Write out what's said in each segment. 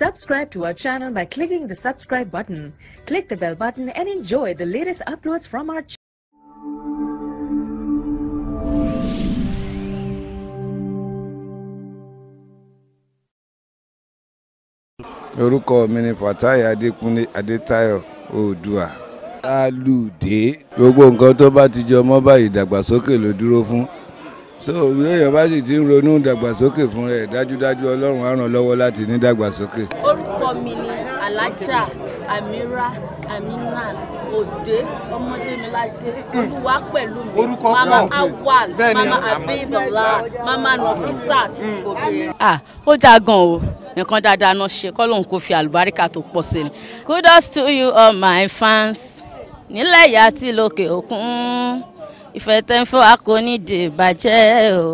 Subscribe to our channel by clicking the subscribe button. Click the bell button and enjoy the latest uploads from our channel. orúkọ mi ni Fatai Adékúnlé Adétayọ̀ Oòduà alùdé gbogbo nǹkan tó bá ti jọ mọ́ báyìí ìdàgbàsókè ló dúró fún so lóyè bá sì ti ń ronú ìdàgbàsókè fún rẹ dájúdájú ọlọ́run á ràn lọ́wọ́ láti ní ìdàgbàsókè. orúkọ mi ni alájà amira aminat òde ọmọdémiládé olúwa pẹ̀lú mi orúkọ pọ̀ mama awal mama abibala mama nafisat obìnrin. ah ó dáa gan o nǹkan dáadáa náà ṣe kọ́ lóun kò fi àlùbáríkà tó pọ̀ sí ni kudos to you all my fans nílẹ̀ yàtí lókè òkun ìfẹ́ tẹ́ ń fún wa kò ní di ìbàjẹ́ o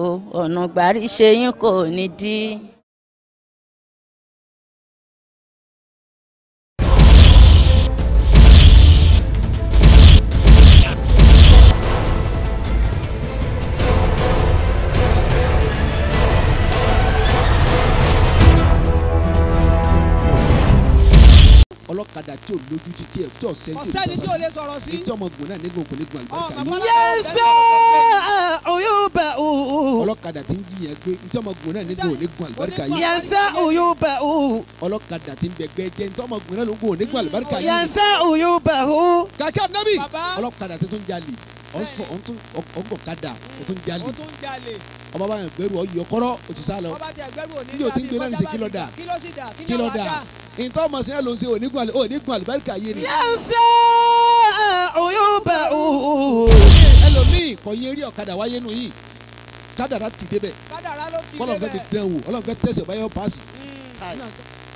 ọ̀nà gbàrí ṣe yín kò ní dí. ọlọ́kadà tí o. lójú ti tiẹ̀ tí o. tí ò sọ̀rọ̀ sí. tí o lè sọ̀rọ̀ sí. ìtí ọmọ gùn náà ní gbòǹkò ní gbòǹkò àlùbáríkà. yẹ́sẹ̀ òyìnbẹ̀ òhù. ọlọ́kadà tí ń jiyàn gbé ìtí ọmọ gùn náà ní gbòǹkò ní gbòǹkò àlùbáríkà yìí. yẹ́sẹ̀ òyìnbẹ̀ òhù. ọlọ́kadà tí ń bẹ̀gbẹ́ jẹ́ ìtí ọmọ gùn náà ló gbòǹkò ní gbòǹkò àlùbáríkà yìí. yẹ́sẹ̀ òyìnbẹ̀ òhù. kàkẹ́ ọ̀sùn ọ̀nbọ̀kadà ọ̀tún jalè ọba bá yàn gbẹrù ọ̀yọ̀ kọ́rọ́ òtù sá lọ níjó tí ń gbé náà ní sè kí ló dà kí ló dà nǹkan ọmọ sẹ́yìn ló ń ṣe onígun àlùbáríkà yé ni. yẹ́nsẹ́ ọ̀yọ́ bẹ̀ ọ̀hún. ẹlòmíì kò yẹ rí ọ̀kadà wáyé nù yìí kádàrá ti débẹ̀ kọ́lọ̀ fẹ́ fi dẹ́wò ọlọ́run fẹ́ paasi.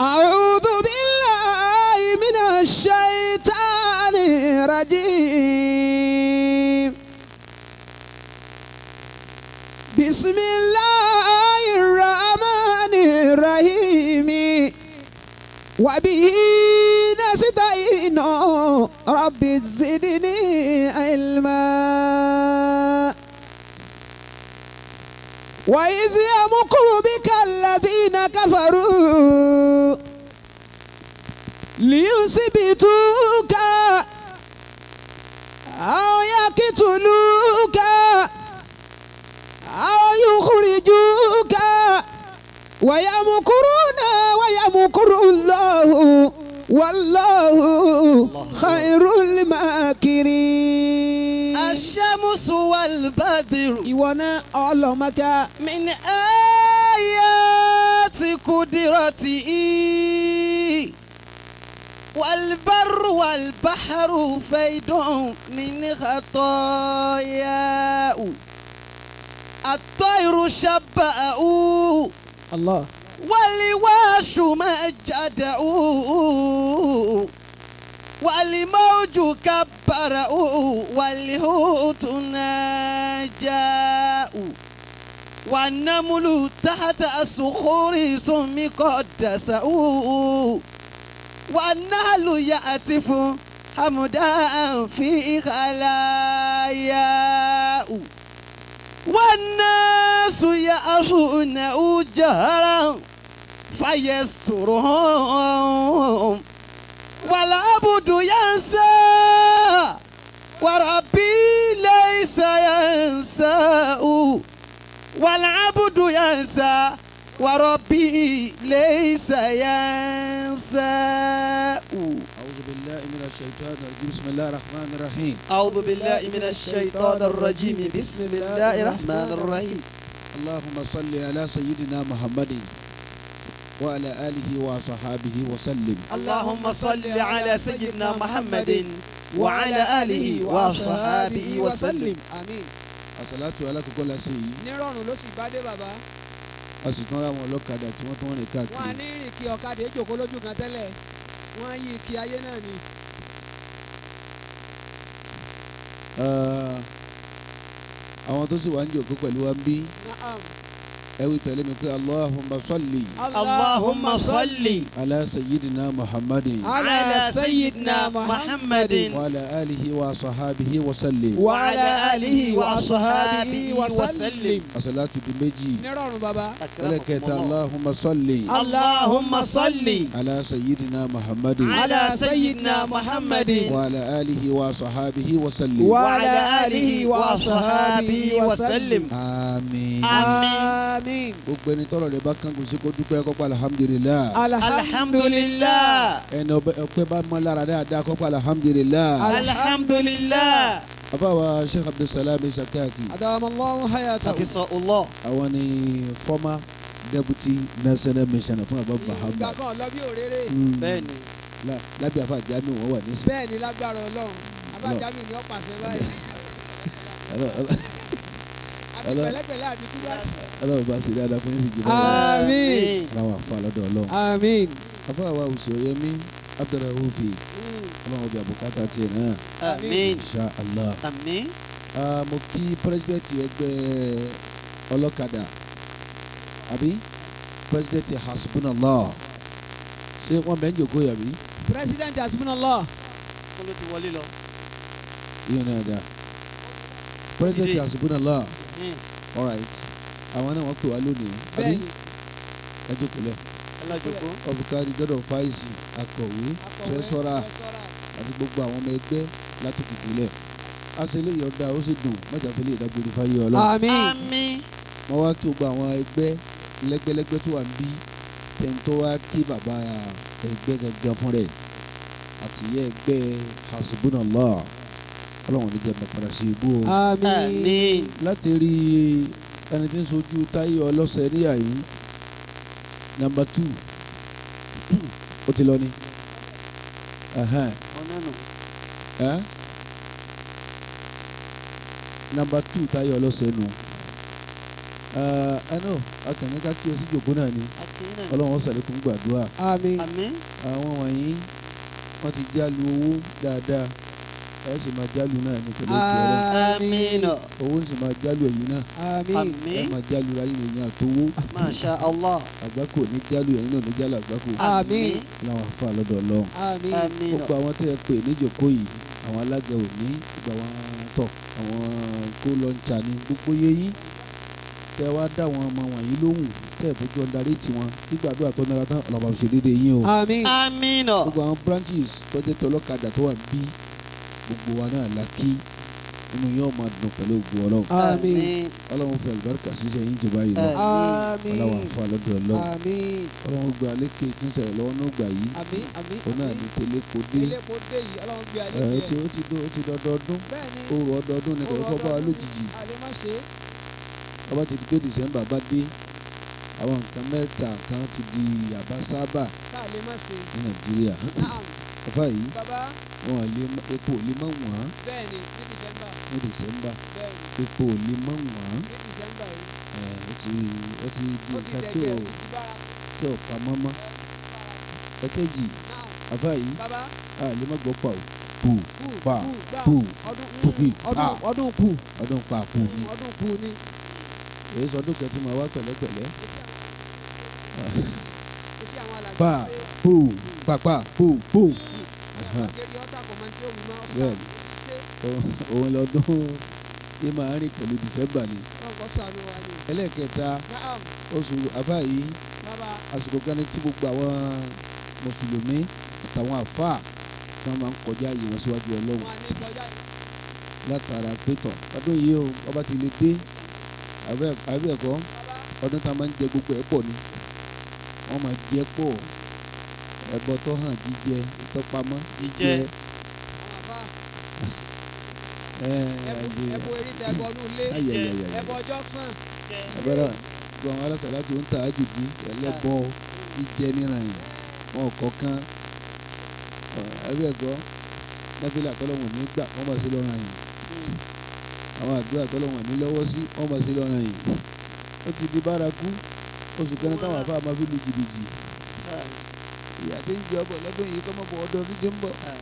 أعوذ بالله من الشيطان الرجيم بسم الله الرحمن الرحيم وبه نستعين رب زدني علما وإذ يمكر بك الذين كفروا ليثبتوك أو يقتلوك أو يخرجوك ويمكرون ويمكر الله والله خير الماكرين الشمس والبدر إوانا أولمك من آيات قدرته والبر والبحر فيض من خطاياه الطير شبأه الله ولي واشو والواش مجد والموج كبر والهوت نجاء والنمل تحت الصخور سمي قدس والنهل يأتف حمدا في خلايا والناس يعرفون جهرا فيسترهم ولا والعبد ينسى وربي ليس ينسى والعبد ينسى وربي ليس ينسى أعوذ بالله من الشيطان الرجيم بسم الله الرحمن الرحيم أعوذ بالله من الشيطان الرجيم بسم الله الرحمن الرحيم اللهم صل على سيدنا محمد وعلى آله وصحابه وسلم اللهم صل على سيدنا محمد وعلى آله وصحابه وسلم آمين àsàlátù alákọ̀ọ́kọ́ la ṣe yìí. nírọ̀rùn ló sì bá dé bàbá. a sì tún ra wọn ọlọ́kadà tí wọ́n tún rìn káàkiri. wọn á ní rìn kí ọ̀kadà èjòkó lójú kan tẹ́lẹ̀ wọ́n á yí kí ayé náà ni. àwọn tó sì wá ń jòkó pẹ̀lú wa ń bí ẹ wí tẹ̀lé mi pé allahumma salli. allahumma salli. ala sayyidina muhammadin. ala sayyidina muhammadin. wa ala alihi wa sahabihi wa sallim. wa ala alihi wa sahabihi wa sallim. asalatu di méjì. nírọ̀rùn baba. ẹlẹ́kẹta allahumma salli. allahumma salli. ala sayyidina muhammadin. ala sayyidina muhammadin. wa ala alihi wa sahabihi wa sallim. wa ala alihi wa sahabihi wa sallim. àmín. àmín àmín. gbogbo ẹni tọrọ rẹ bá kángun sí kó dúpẹ́ kó pa alhamdulilayi. alhamdulilayi. ẹni ọpẹ́ bá mọ lára dáadáa kó pa alhamdulilayi. alhamdulilayi. abawa sheikh abdulsalam sakaki. adamalahu hayata. afisa ulo. àwọn ni former deputy national missioner fún abba muhammad. ìgbà kan lọ́bí òréré. Hmm. bẹ́ẹ̀ni. lábẹ́ afa jamiu wọn wà nísìnyí. bẹ́ẹ̀ni lágbára ọlọ́run afa jamiu ni ó pàṣẹ báyìí. pẹ̀lẹ́pẹ̀lẹ́ àti kúrẹ́sì. Ọlọ́run bá ṣe dáadáa fún yín sì jìbọn. Àmín. Láwọn àfa lọ́dọ̀ Ọlọ́run. Àmín. Afa àwa Òṣòyẹmí Abdulrahufi. Hmm. Ọlọ́run ọbẹ̀ àbùkátà tiẹ̀ náà. Àmín. Insha Allah. Àmín. Mo kí pírẹsidẹ́ǹtì ẹgbẹ́ ọlọ́kadà àbí pírẹsidẹ́ǹtì Hasbunallah. Ṣé wọ́n bẹ̀ ń jòkó yàbí? Pírẹsidẹ́ǹtì Hasbunallah. Kó ló ti wọlé lọ? Yóò náà dáa. Pírẹsidẹ́ǹtì Hasbunallah. All alright àwọn náà wọ́n pè wá lónìí àbí ẹ jókòó lẹ̀ ọ̀bùkárí gbọ́dọ̀ fáìsì akọ̀wé tẹ́sọ́ra àti gbogbo àwọn ọmọ ẹgbẹ́ látòkè gílẹ̀ aṣèlè yọ̀ọ̀dà ó sì dùn mẹ́ta fẹ́lẹ́ ìdágbére fáyé ọlọ́ àmín mo wá kí gbogbo àwọn ẹgbẹ́ lẹ́gbẹ́lẹ́gbẹ́ tó wà ń bí tẹ̀ǹtọ́ wá kí bàbá ẹgbẹ́ gangan fún rẹ̀ àtìyẹ́ ẹgbẹ́ hasbunallah ọlọ́run ní jẹ́ mi padà sí ibú o. àmín. láti rí ẹni tí ń sojú táyé ọlọ́sẹ̀ níyà yìí nàmbà tù ó ti lọ ni. nàmbà tù táyé ọlọ́sẹ̀ nù. ẹnu akẹ́ni ká kí o sí jòkó náà ni ọlọ́run ó ṣàlékún gbàdúrà. àmín. àwọn wọ̀nyí wọ́n ti já lu owó dáadáa ẹ sì máa jálù náà ní pẹ̀lú òkè ọ̀rọ̀. amiina. owó sì máa jálù ẹ̀yin náà. àmín. ẹ máa jálù ayé ẹ̀yin àtowó. masha allah. àgbákò ní jálù ẹ̀yin náà ní jálù àgbákò. àmín. làwọn afa lọ́dọ̀ Ọlọ́run. àmín. gbogbo àwọn tẹ́ ẹ pè níjòkó yìí àwọn alága òní gbogbo àwọn tọ̀ àwọn kó lọ́ńtà ní gbogbo yẹ́yìn tẹ wá dá àwọn ọmọ wọ̀nyí lóhùn tẹ bójú ọ̀darí tiwọn gbígbàdúrà tó nira tán ọ̀làbàṣẹ́ dédé yín o. àmín. àmín. gbogbo àwọn branches tọ́jú tọ́lọ́kadà tó wà níbí gbogbo wa náà la kí inú yóò máa dùn pẹ̀lú ògbó ọlọ́run. àmín. ọlọ́run fẹ́ àlùbáríkà ṣiṣẹ́ yín jọba yìí lọ. àmín. ọlọ́run àfa lọ́dọ̀ ọlọ́run. àmín. ọlọ́run gba lékè tí ń sẹ̀rẹ̀ lọ́wọ́ náà gbà yìí. àmín àmín. ó náà ní teléko dé. teléko dé yìí ọlọ́run gbé alẹ́ jẹ. ẹ ti ó ti dún ó ti dọdọọdún. bẹ́ẹ̀ni òru ọdọọdún ni kẹ̀kẹ́ kọ́ bá wa lójijì. àlè má ṣe. ọba ti di pé bàbá yìí wọn lè epo ò lè mọ wọn. bẹ́ẹ̀ni ní December. ní December. bẹ́ẹ̀ni epo ò lè mọ wọn. ní December yìí. ẹ ó ti ó ti di nǹkan tí ò tí ò pa mọ́mọ́. ẹ̀kejì bàbá yìí a lè má gbọ́ pa o bu pa pu pupi pa ọdún pu ọdún pa pu ni. ọdún pu ni. èyí sọ ọdún kẹtì máa wá pẹ̀lẹ́pẹ̀lẹ́. pa pu pàpà bò bò. òun lọ́dún yìí máa rìn pẹ̀lú December ni. ẹlẹ́kẹta oṣù àbá yìí àsìkò kan tí gbogbo àwọn mùsùlùmí àtàwọn àfà kan máa ń kọjá yìí wọ́n síwájú Ọlọ́run látara pétọ̀ ọdún yìí o ọba ti lè dé àbẹ̀ẹ̀kọ́ ọdún tá a máa ń jẹ gbogbo ẹ̀ pọ̀ ni wọ́n máa jẹ pọ̀ ẹbọ tó hàn jíjẹ ìtọpamọ́ jíjẹ ẹbọ eríta ẹbọ nulẹ ẹbọ jọsán. abẹ́rẹ́ gbọ́n alásàlátù ń ta àjùdí ẹlẹ́bọ jíjẹ níran yìí wọn kọ̀ọ̀kan ẹgbẹ́ ẹ̀gọ́ náfìlà tọ́lọ́wọ̀n ní gbà wọ́n bá sí lọ́ra yìí àwọn àdúrà tọ́lọ́wọ̀n ní lọ́wọ́ sí wọ́n bá sí lọ́ra yìí ó ti di bárakú oṣù kẹrin táwọn àfáà máa fi lu jìbìtì ìyá tí ń jẹ ọbọ lọ́dún yìí kọ́ mọ́bọ̀ ọdún ọdún tí ń bọ̀ ah.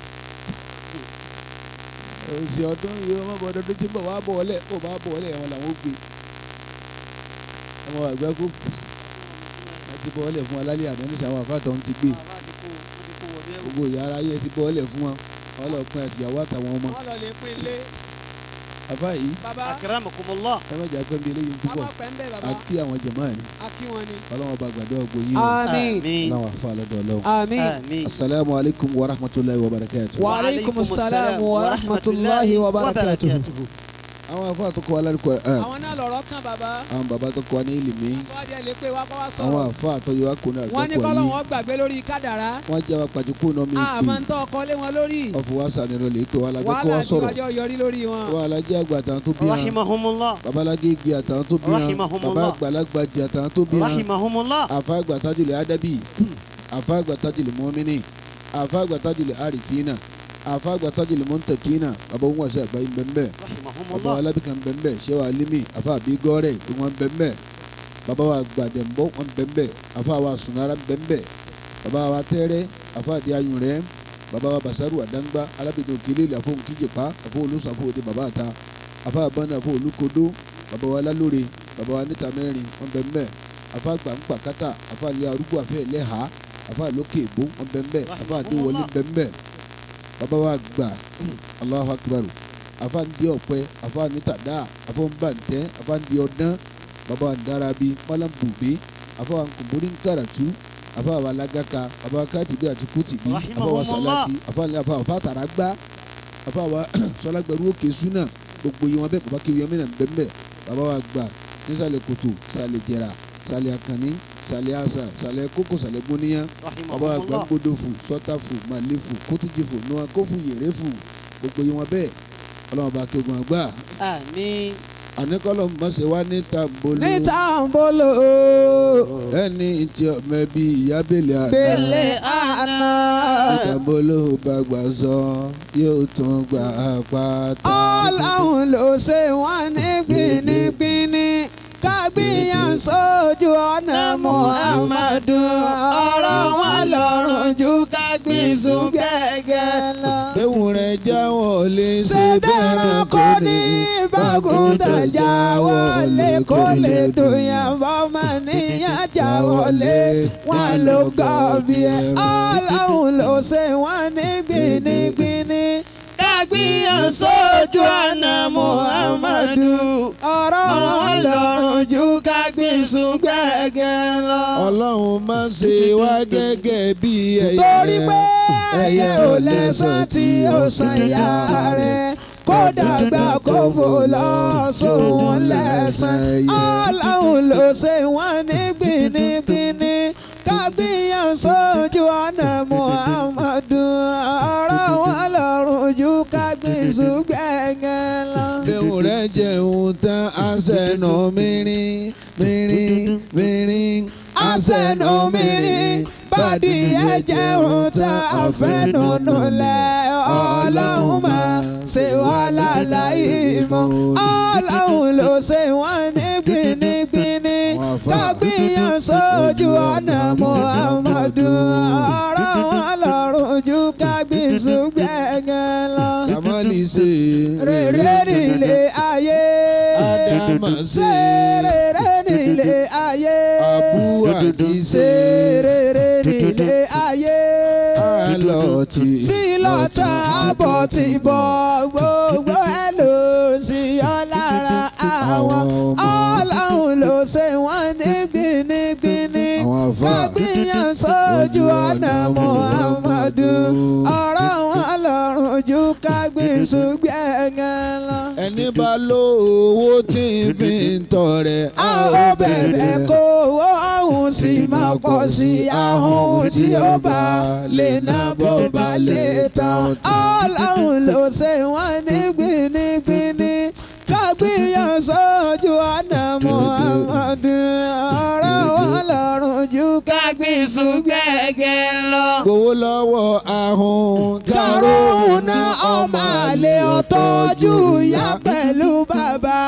òsì ọdún yìí kọ́ mọ́bọ̀ ọdún ọdún tí ń bọ̀ wá bọ̀ ọlẹ̀ kó bá bọ̀ ọlẹ̀ wọn làwọn ó gbé ọmọ àgbẹ̀ kú wọn ti bọ̀ ọlẹ̀ fún wọn lálẹ́ àná ní sàwọn àfàtọ̀ ń ti gbé gbogbo ìyá ara yẹ ti bọ̀ ọlẹ̀ fún wọn wọn lọ àtìyàwó àtàwọn ọmọ àfáà yìí ẹ má jà ń púpọ̀ àti àwọn jàmáà ni. kí wọn ni. ọlọ́wọ́n bá gbàdúrà gbogbo yín o. àmín. náà wà fún alọ́dọ̀ ọlọ́wọ́. àmín. asalaamu alaykum wa rahmatulahi wa barakatuhu. wa alaykum salaam wa rahmatulahi wa barakatuhu. àwọn àfáà tó kọ́ wa lálùkọ́ ẹ̀. Eh. àwọn náà lọ̀rọ̀ kan bàbá. àwọn bàbá tó kọ́ wa ní ìlìmí. àwọn àfáà tó yọ wá kó ní àjọpọ̀ yìí. wọ́n ní bọ́lá wọn gbàgbé lórí kádàrá. wọ́n jẹ́ wa pàjùkú náà mi. àmọ́ ń tọ́ ọkọ lé wọn lórí. ọ̀fọ̀ wa sànìrọ̀ lè pè wá lábẹ́ kó wá sọ̀rọ̀. wàhálà ìjọ yọrí lórí wọn. wàhálà jẹ́ àgbà àtàwọn tó bí wọn. babalági igi àtàwọn tó bí wọn. baba àgbàlagbà jẹ àtàwọn tó bí wọn. àfa àgbà tajulẹ̀ adabi àfa àgbà tajulẹ̀ mọ́mìnì àfa àgbà tajulẹ̀ àrífínà àfa àgbàtàjì lèmọ́ntàkínà bàbá òun wàṣẹ àgbáyé bẹ́ẹ̀ bàbá wa alábìkà bẹ́ẹ̀ ṣẹ́wà alimi àfa àbí gọ́ọ̀rẹ̀ wọn bẹ́ẹ̀ bàbá wa gbàdẹ̀mbọ́ wọn bẹ́ẹ̀ àfa wa sunara bẹ́ẹ̀ bàbá wa tẹ́rẹ́ àfa àdé ayùn rẹ̀ bàbá wa basaru àdáńgbá alábìdó kìlìlì àfọwọ́n kíjèpá àfọwọ́n olóṣù àfọwọ́n òde bàbá àta àfa àbánu àfọwọ́n olúkodó bàbá wa lálórí bàbá wa níta mẹ́rin wọn bẹ́ẹ̀ àfa gbàǹgbà kátà àfa àlẹ́ arúgbó àfẹ́ ẹlẹ́hàá àfa àlókè èbó wọn bẹ́ẹ̀ àfa àdéwọlé bẹ́ẹ̀ bàbá wa gbà Allahu Akbar afáǹdí ọ̀pẹ afáǹdí tàdá afọ́nbàǹtẹ́ afáǹdí ọ̀dán bàbá wa darabi dára bíi mọ́làǹbùbí afáwọn kòmórí ń kàràtú afáwọn alágàka afáwọn káàtìbí àti kùtìbí afáwọn sàlátì afáwọn fàtàràgbá afáwọn sọlágbẹrú òkè súnà gbogbo yìí wọn bẹ bàbá kiri ọmọ náà bẹ́ẹ̀ bàbá wa gbà nísàlẹ̀ kòtò sàlẹ̀ jẹ̀rà sàlẹ̀ àkànní sàlẹ̀ àṣà sàlẹ̀ kókò sàlẹ̀ gbóníyàn ọba àgbà gbódòfù sọ́tàfù màlẹ́fù kótìjìfù nùwàkófù yèrèfù gbogbo yìí wọn bẹ́ẹ̀ ọlọ́run bá tó gbọ́n gbà. àmín. àníkọ́lọ́ mọ̀ọ́sẹ̀ wá ní tàǹbólò. ní tàǹbólò. ẹni tí ọmọ ẹbí ìyá bèlè àná. bèlè àná. ní tàǹbólò bá gbà sọ yóò tún gbà pátá. ọlọ́run ló ṣe wọ́n nígbìn ní gbìyàn sójú ọ̀nà Muhammadu ọ̀rọ̀ wọn lọ́rùn jù ká gbìn sùn gẹ́gẹ́ lọ. Béhùn rẹ̀ jáwọ́ lè ṣe bẹ́ẹ̀ kò ní bàgùdà jáwọ́ lè kó lè dùnyàn bọ́mọ níyàn jáwọ́ lè wọ́n ló gbọ́ bí ọlọ́run ló ṣe wọ́n ní gbìyàn sójú àná Muhammadu ọ̀rọ̀ Ọlọ́run jù ká gbìsùn gbẹ̀gẹ̀ lọ. Ọlọ́run má ṣe wá gẹ́gẹ́ bí ẹyẹ. Torí pé ẹyẹ ò lẹ́sàn tí ó san ìyá rẹ̀ kódà gbà kó lọ sóhun lẹ́sàn. Ọlọ́run ló ṣe wọ́n ní gbìnìgbìnì ká gbìyàn sójú àná Muhammadu. jésù gbẹ̀ngẹ̀ lọ. Bẹ́ẹ̀ rẹ̀ jẹun tán, àṣẹ̀nà mìíràn mìíràn mìíràn àṣẹ̀nà mìíràn bàdí ẹ jẹun tán, àfẹnùnù lẹ̀ ọlọ́run máa ṣe wá láláyé mọ́. ọlọ́run ló ṣe wọ́n ní gbinigbini kábíyàn sójú ọ̀nà Muhammadu ọ̀rọ̀ wọn lọ́rùn ju kábíyèsí gbẹ̀ngàn. Israẹli ṣe rere nílé ayé Ádámà ṣe rere nílé ayé Ábúwákì ṣe rere nílé ayé Lọ́ọ̀tì tí lọ́tà àbọ̀ ti bọ̀ gbogbo ẹ̀ ló sì yọ lára àwọn ọlọ́run ló ṣe wọ́n ní gbinigbini ká gbìyànjú sójú ọ̀nà Muhammadu ọ̀rọ̀ ṣùgbẹ́ngàn lọ. ẹni bá lówó tí ń fi ń tọrẹ. a ó bẹ̀bẹ̀ kó owó ọ̀hún sì máa pọ̀ sí ahun tí ó bá lè ná bó bá lè tán. ọlọ́run ló ṣe wọ́n ní gbinigbini kágbìyànjú ọ̀nà Muhammadu ọ̀rọ̀ ìsúgbẹ́gẹ́ lọ. Gbowó lọ́wọ́ ahun. Kàrún náà ọmọ àlè ọ̀tọ́jú ìyá pẹ̀lú bàbá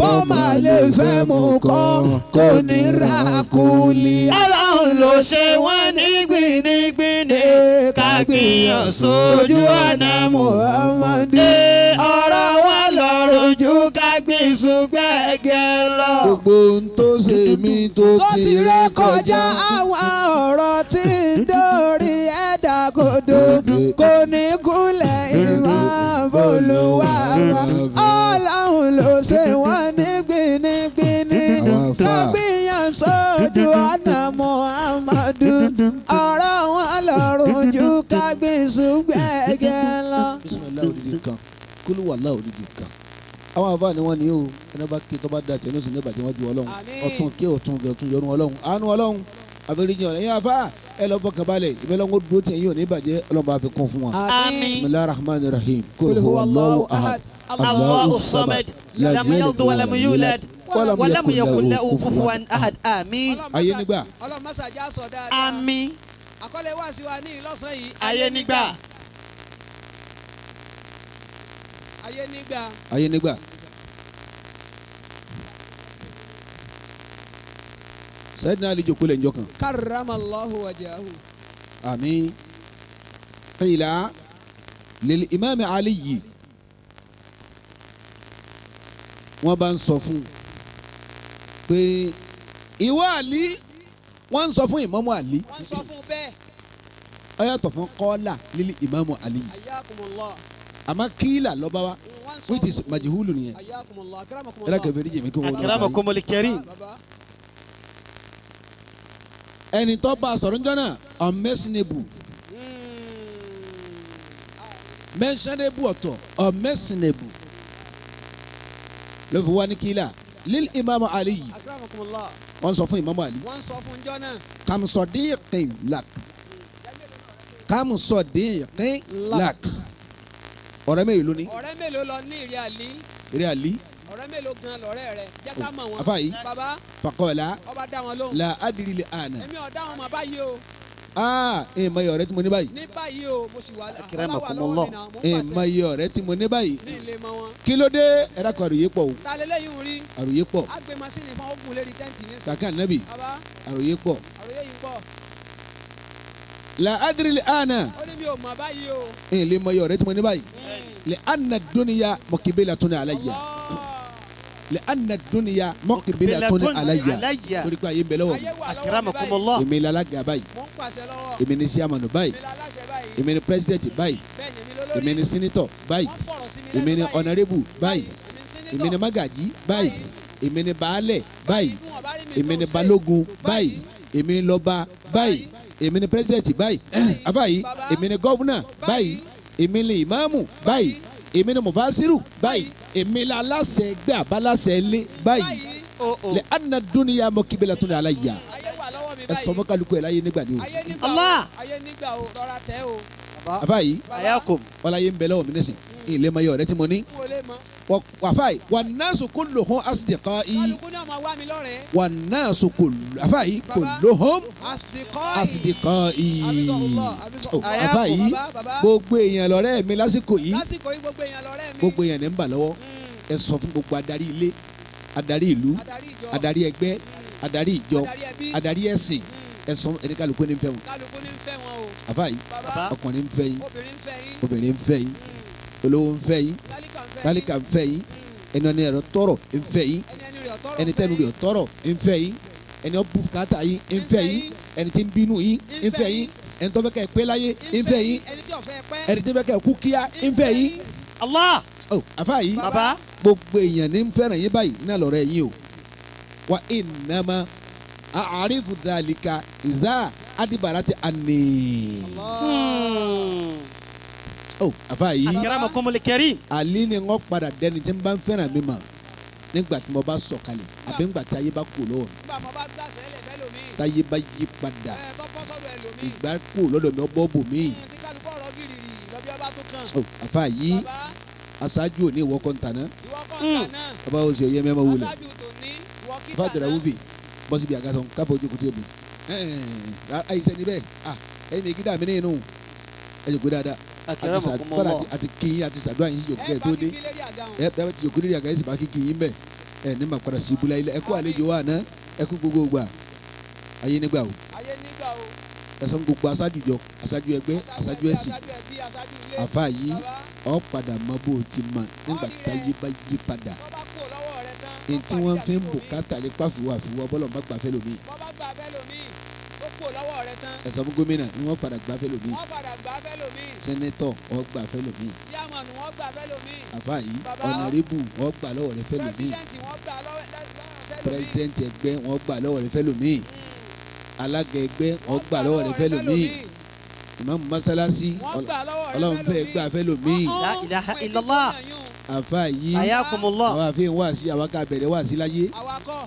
bọ́mà lè fẹ́ mú kọ́ kò ní ra kúlì. ọlọ́run ló ṣe wọ́n ní gbìnìgbìnì kàgbìyàn sójú ọ̀nà Muhammadu. ọ̀rọ̀ wọn lọ́rùn jù kàgbìn sùgbẹ́gẹ́ lọ. gbogbo ohun tó ṣe mí tó ti ré kọjá àwọn ọ̀rọ̀ tí ń dórí ẹ̀dá kodo kò ní kúlẹ̀ ìmọ̀ bolúwa ọlọ́run ló ṣe wọ́n. kúlù wà láò dídì kan àwọn àbá ni wọ́n ní o ẹni bá ké tó bá da tẹ̀ ní oṣù nígbà tí wọ́n ju ọlọ́run ọ̀tún ké ọ̀tún gẹ̀ ọ̀tún yọnu ọlọ́run àánú ọlọ́run àfẹ́rẹ́jìn ọ̀rẹ́ yẹn àfa ẹ lọ fọ kabalẹ̀ ìbẹ́lẹ́wọ̀n dúró tẹ̀ yín ò ní bàjẹ́ ọlọ́run bá fi kún fún wa. bisimilahi rahmanir rahim kul huwallahu ahad allahu samad lam yalid wa lam yulad wa lam yakul lahu kufuwan ahad àmín. ayé nígbà. ọlọ́run mọ́sàájà sọ dáadáa. àmín. ayé nígbà. ayé nígbà. sẹ́yìn Ali jókòó lẹ̀ ń jọ kan. karramallahu wajahu. àmín. qila lil imam Ali yìí wọ́n bá ń sọ fún un pé ìwọ àlí wọ́n ń sọ fún ìmámù àlí. wọ́n ń sọ fún bẹ́ẹ̀. ó fún kọ́là lílì ìmámù àlí yìí. ayakumullah. Ama kíílà lọ́ba wa which is majihulu nìyẹn ẹ̀rọ kẹfẹ́ rí jèmí kí wọ́n lọ́ba yìí. akérèmọ kọmọlì kẹrin. ẹni tó bá a sọ̀rọ̀ njọ́nà unmentionable hmm. mentionable ọ̀tọ̀ unmentionable ló fi wá ní kíílà lil imam ali wọ́n sọ fún imam ali kàmsọ̀dín kìlak kàmsọ̀dín kìlak ọ̀rẹ́ mélòó ló ní. ọ̀rẹ́ mélòó ló ní ìrẹ́ àlí. ìrẹ́ àlí. ọ̀rẹ́ mélòó gan lọ́rẹ́ rẹ jẹ́ ká mọ̀ wọn. afayi baba fakọ́ọ̀lá ọba dá wọn lóhùn. la adiri le àná. èmi ọ̀dá wọn mọ̀ báyìí o. aa ah, ìmọ̀ iye ọ̀rẹ́ tí mo ní báyìí. ní báyìí o mo sì wà lọ́wọ́ ìmọ̀ iye ọ̀rẹ́ tí mo ní báyìí. ní ilé mọ wọn. kí ló dé ẹ̀rọ kan àròyé pọ̀ o. talẹ́lẹ́ yìí ń àròyé pọ̀ la adiri ana. ó ní mi ò mọ báyìí o. ẹ lè mọ iye ọ̀rẹ́ tí mo ní báyìí. lè ana dúnìyà mọ̀kìbélà tún ní aláyà. lè ana dúnìyà mọ̀kìbélà tún ní aláyà. torí pé ayé ń bẹ lọ́wọ́ mi. akramakumullah. èmi ni alága báyìí. èmi ni siamanu báyìí. èmi ni pírẹsidẹ̀ntì báyìí. èmi ni sínítọ̀ báyìí. èmi ni ọ̀nàrẹ́bù báyìí. èmi ni magají báyìí. èmi ni baálẹ̀ báyìí. èmi ni balógun báyìí. èmi ni lọ́ba báyìí èmi ni president báyìí eh. àbá yìí èmi ni governor báyìí èmi ni ìmáàmù báyìí èmi ni mufasiru báyìí èmi ni aláṣẹ ẹgbẹ́ àbáláṣẹ ilé báyìí oh, oh. lẹ anna dunuya mọ kibela tún ní aláya ẹ sọ kálukú ẹ láyé nígbà ni o. Allah ayé nígbà o yìí ọlá yé ń bẹ mi nísìnyí ìlémọye ọ̀rẹ́ tí mo ní. wàfáì wà nọ́ọ̀sù kò lò hàn asidikọ́ yìí. wà nọ́ọ̀sù kò oh, àfáì kò lò hàn asidikọ́ yìí. àfáì gbogbo èèyàn lọ́rẹ́ mi lásìkò yìí. gbogbo èèyàn ní ń bà lọ́wọ́ hmm. ẹ sọ fún gbogbo adarí ilé adarí ìlú adarí ẹgbẹ́ hmm. adarí ìjọ adarí ẹ̀sìn hmm. ẹ̀sán ẹni kálukú ní fẹ́ wọn àfáà yìí ọkùnrin ń fẹ́ yín obìnrin ń fẹ́ yín olówó ń fẹ́ yín tálíkà ń fẹ́ yín ẹni ọ̀nà ẹ̀rọ tọrọ ń fẹ́ yín ẹni tẹnu rẹ̀ tọrọ ń fẹ́ yín ẹni ọ̀bù kàtà yín ń fẹ́ ẹni tí ń bínú yín ń fẹ́ ẹni tó fẹ́ kẹ́ pé láyé ń fẹ́ ẹni tí ń fẹ́ kẹ́ kú kíá ń fẹ́ yín. Allah. ọ oh, àfa yìí baba gbogbo èèyàn ní fẹ́ràn yín báyìí ní àlọ́ rẹ̀ o wa ìnàmà àárífù dàlíkà ìzá àdìbàrà ti àní ó oh, àfa yìí. àkàràmọ̀ kọ́mọlẹ̀ kẹrí. Ali ni n kọ́ padà dẹni tí n bá ń fẹ́ràn mi ma nígbà tí mo bá sọ̀kalẹ̀ àbí nígbà tí ayé bá kú lọ́wọ́ mi. nígbà mo bá gbà sẹ́lẹ̀ fẹ́ lómi. táyé bá yí padà ìgbà kú lọ́dọ̀ mi ọbọ̀ bò mí. Oh, àfa yìí aṣáájú òní ìwọ kọ́ńtàná. Hmm. bàbá oṣù yẹn mẹ́mọ́ wulẹ̀. bàbá àdàrà wúfì bọ́sí bí àgàtọ̀ káfọ́ ojú kùtù èmi. àìsàn níbẹ̀ ẹ̀yìn mi gídà mi ní inú ẹ̀jẹ̀ kú dáadáa àtisàdúrà àti kíyìn àti sàdúrà yìí yòókù ẹ tó dé ẹ bẹ ti yòókù nílẹ̀ àgbà ẹ sì bá kí kíyìn bẹ ẹ ní ma padà síbu láyé ẹ kú àlejò wa àná ẹ kú gbogbo gbà ayé nígbà o ẹ sọ gbogbo aṣáájú jọ aṣáájú ẹgbẹ́ aṣáájú ẹsìn àfa yìí ọ padà mọ bó o ti mọ nígbà táyé bá yí padà ní tí wọ́n fi ń bùkátà lè pàfùwàfùwà bọ́lọ̀ bá gbà fẹ́ lómi. bọ́ bá gbà fẹ́ lómi ẹ sọ fún gómìnà ni wọ́n padà gbá fẹ́lòmíì. wọ́n padà gbá fẹ́lòmíì. sẹ́nẹ́tọ̀ ó gbà fẹ́lòmíì. chairman wọ́n gbà fẹ́lòmíì. àfáà yìí ọ̀nàrẹ́bù ó gbà lọ́wọ́ rẹ fẹ́lòmíì. pírẹsidẹ́ǹtì wọ́n gbà lọ́wọ́ rẹ fẹ́lòmíì. pírẹsidẹ́ǹtì ẹgbẹ́ wọ́n gbà lọ́wọ́ rẹ fẹ́lòmíì. alága ẹgbẹ́ wọ́n gbà lọ́wọ́ rẹ fẹ́lòmíì ìmáàmù mọ́sálásí ọlọ́run fẹ́ gbà fẹ́lòmíì. la ilaha yìí àwọn àfihàn wá sí àwákà bẹ̀rẹ̀ wá sí láyé. àwakọ̀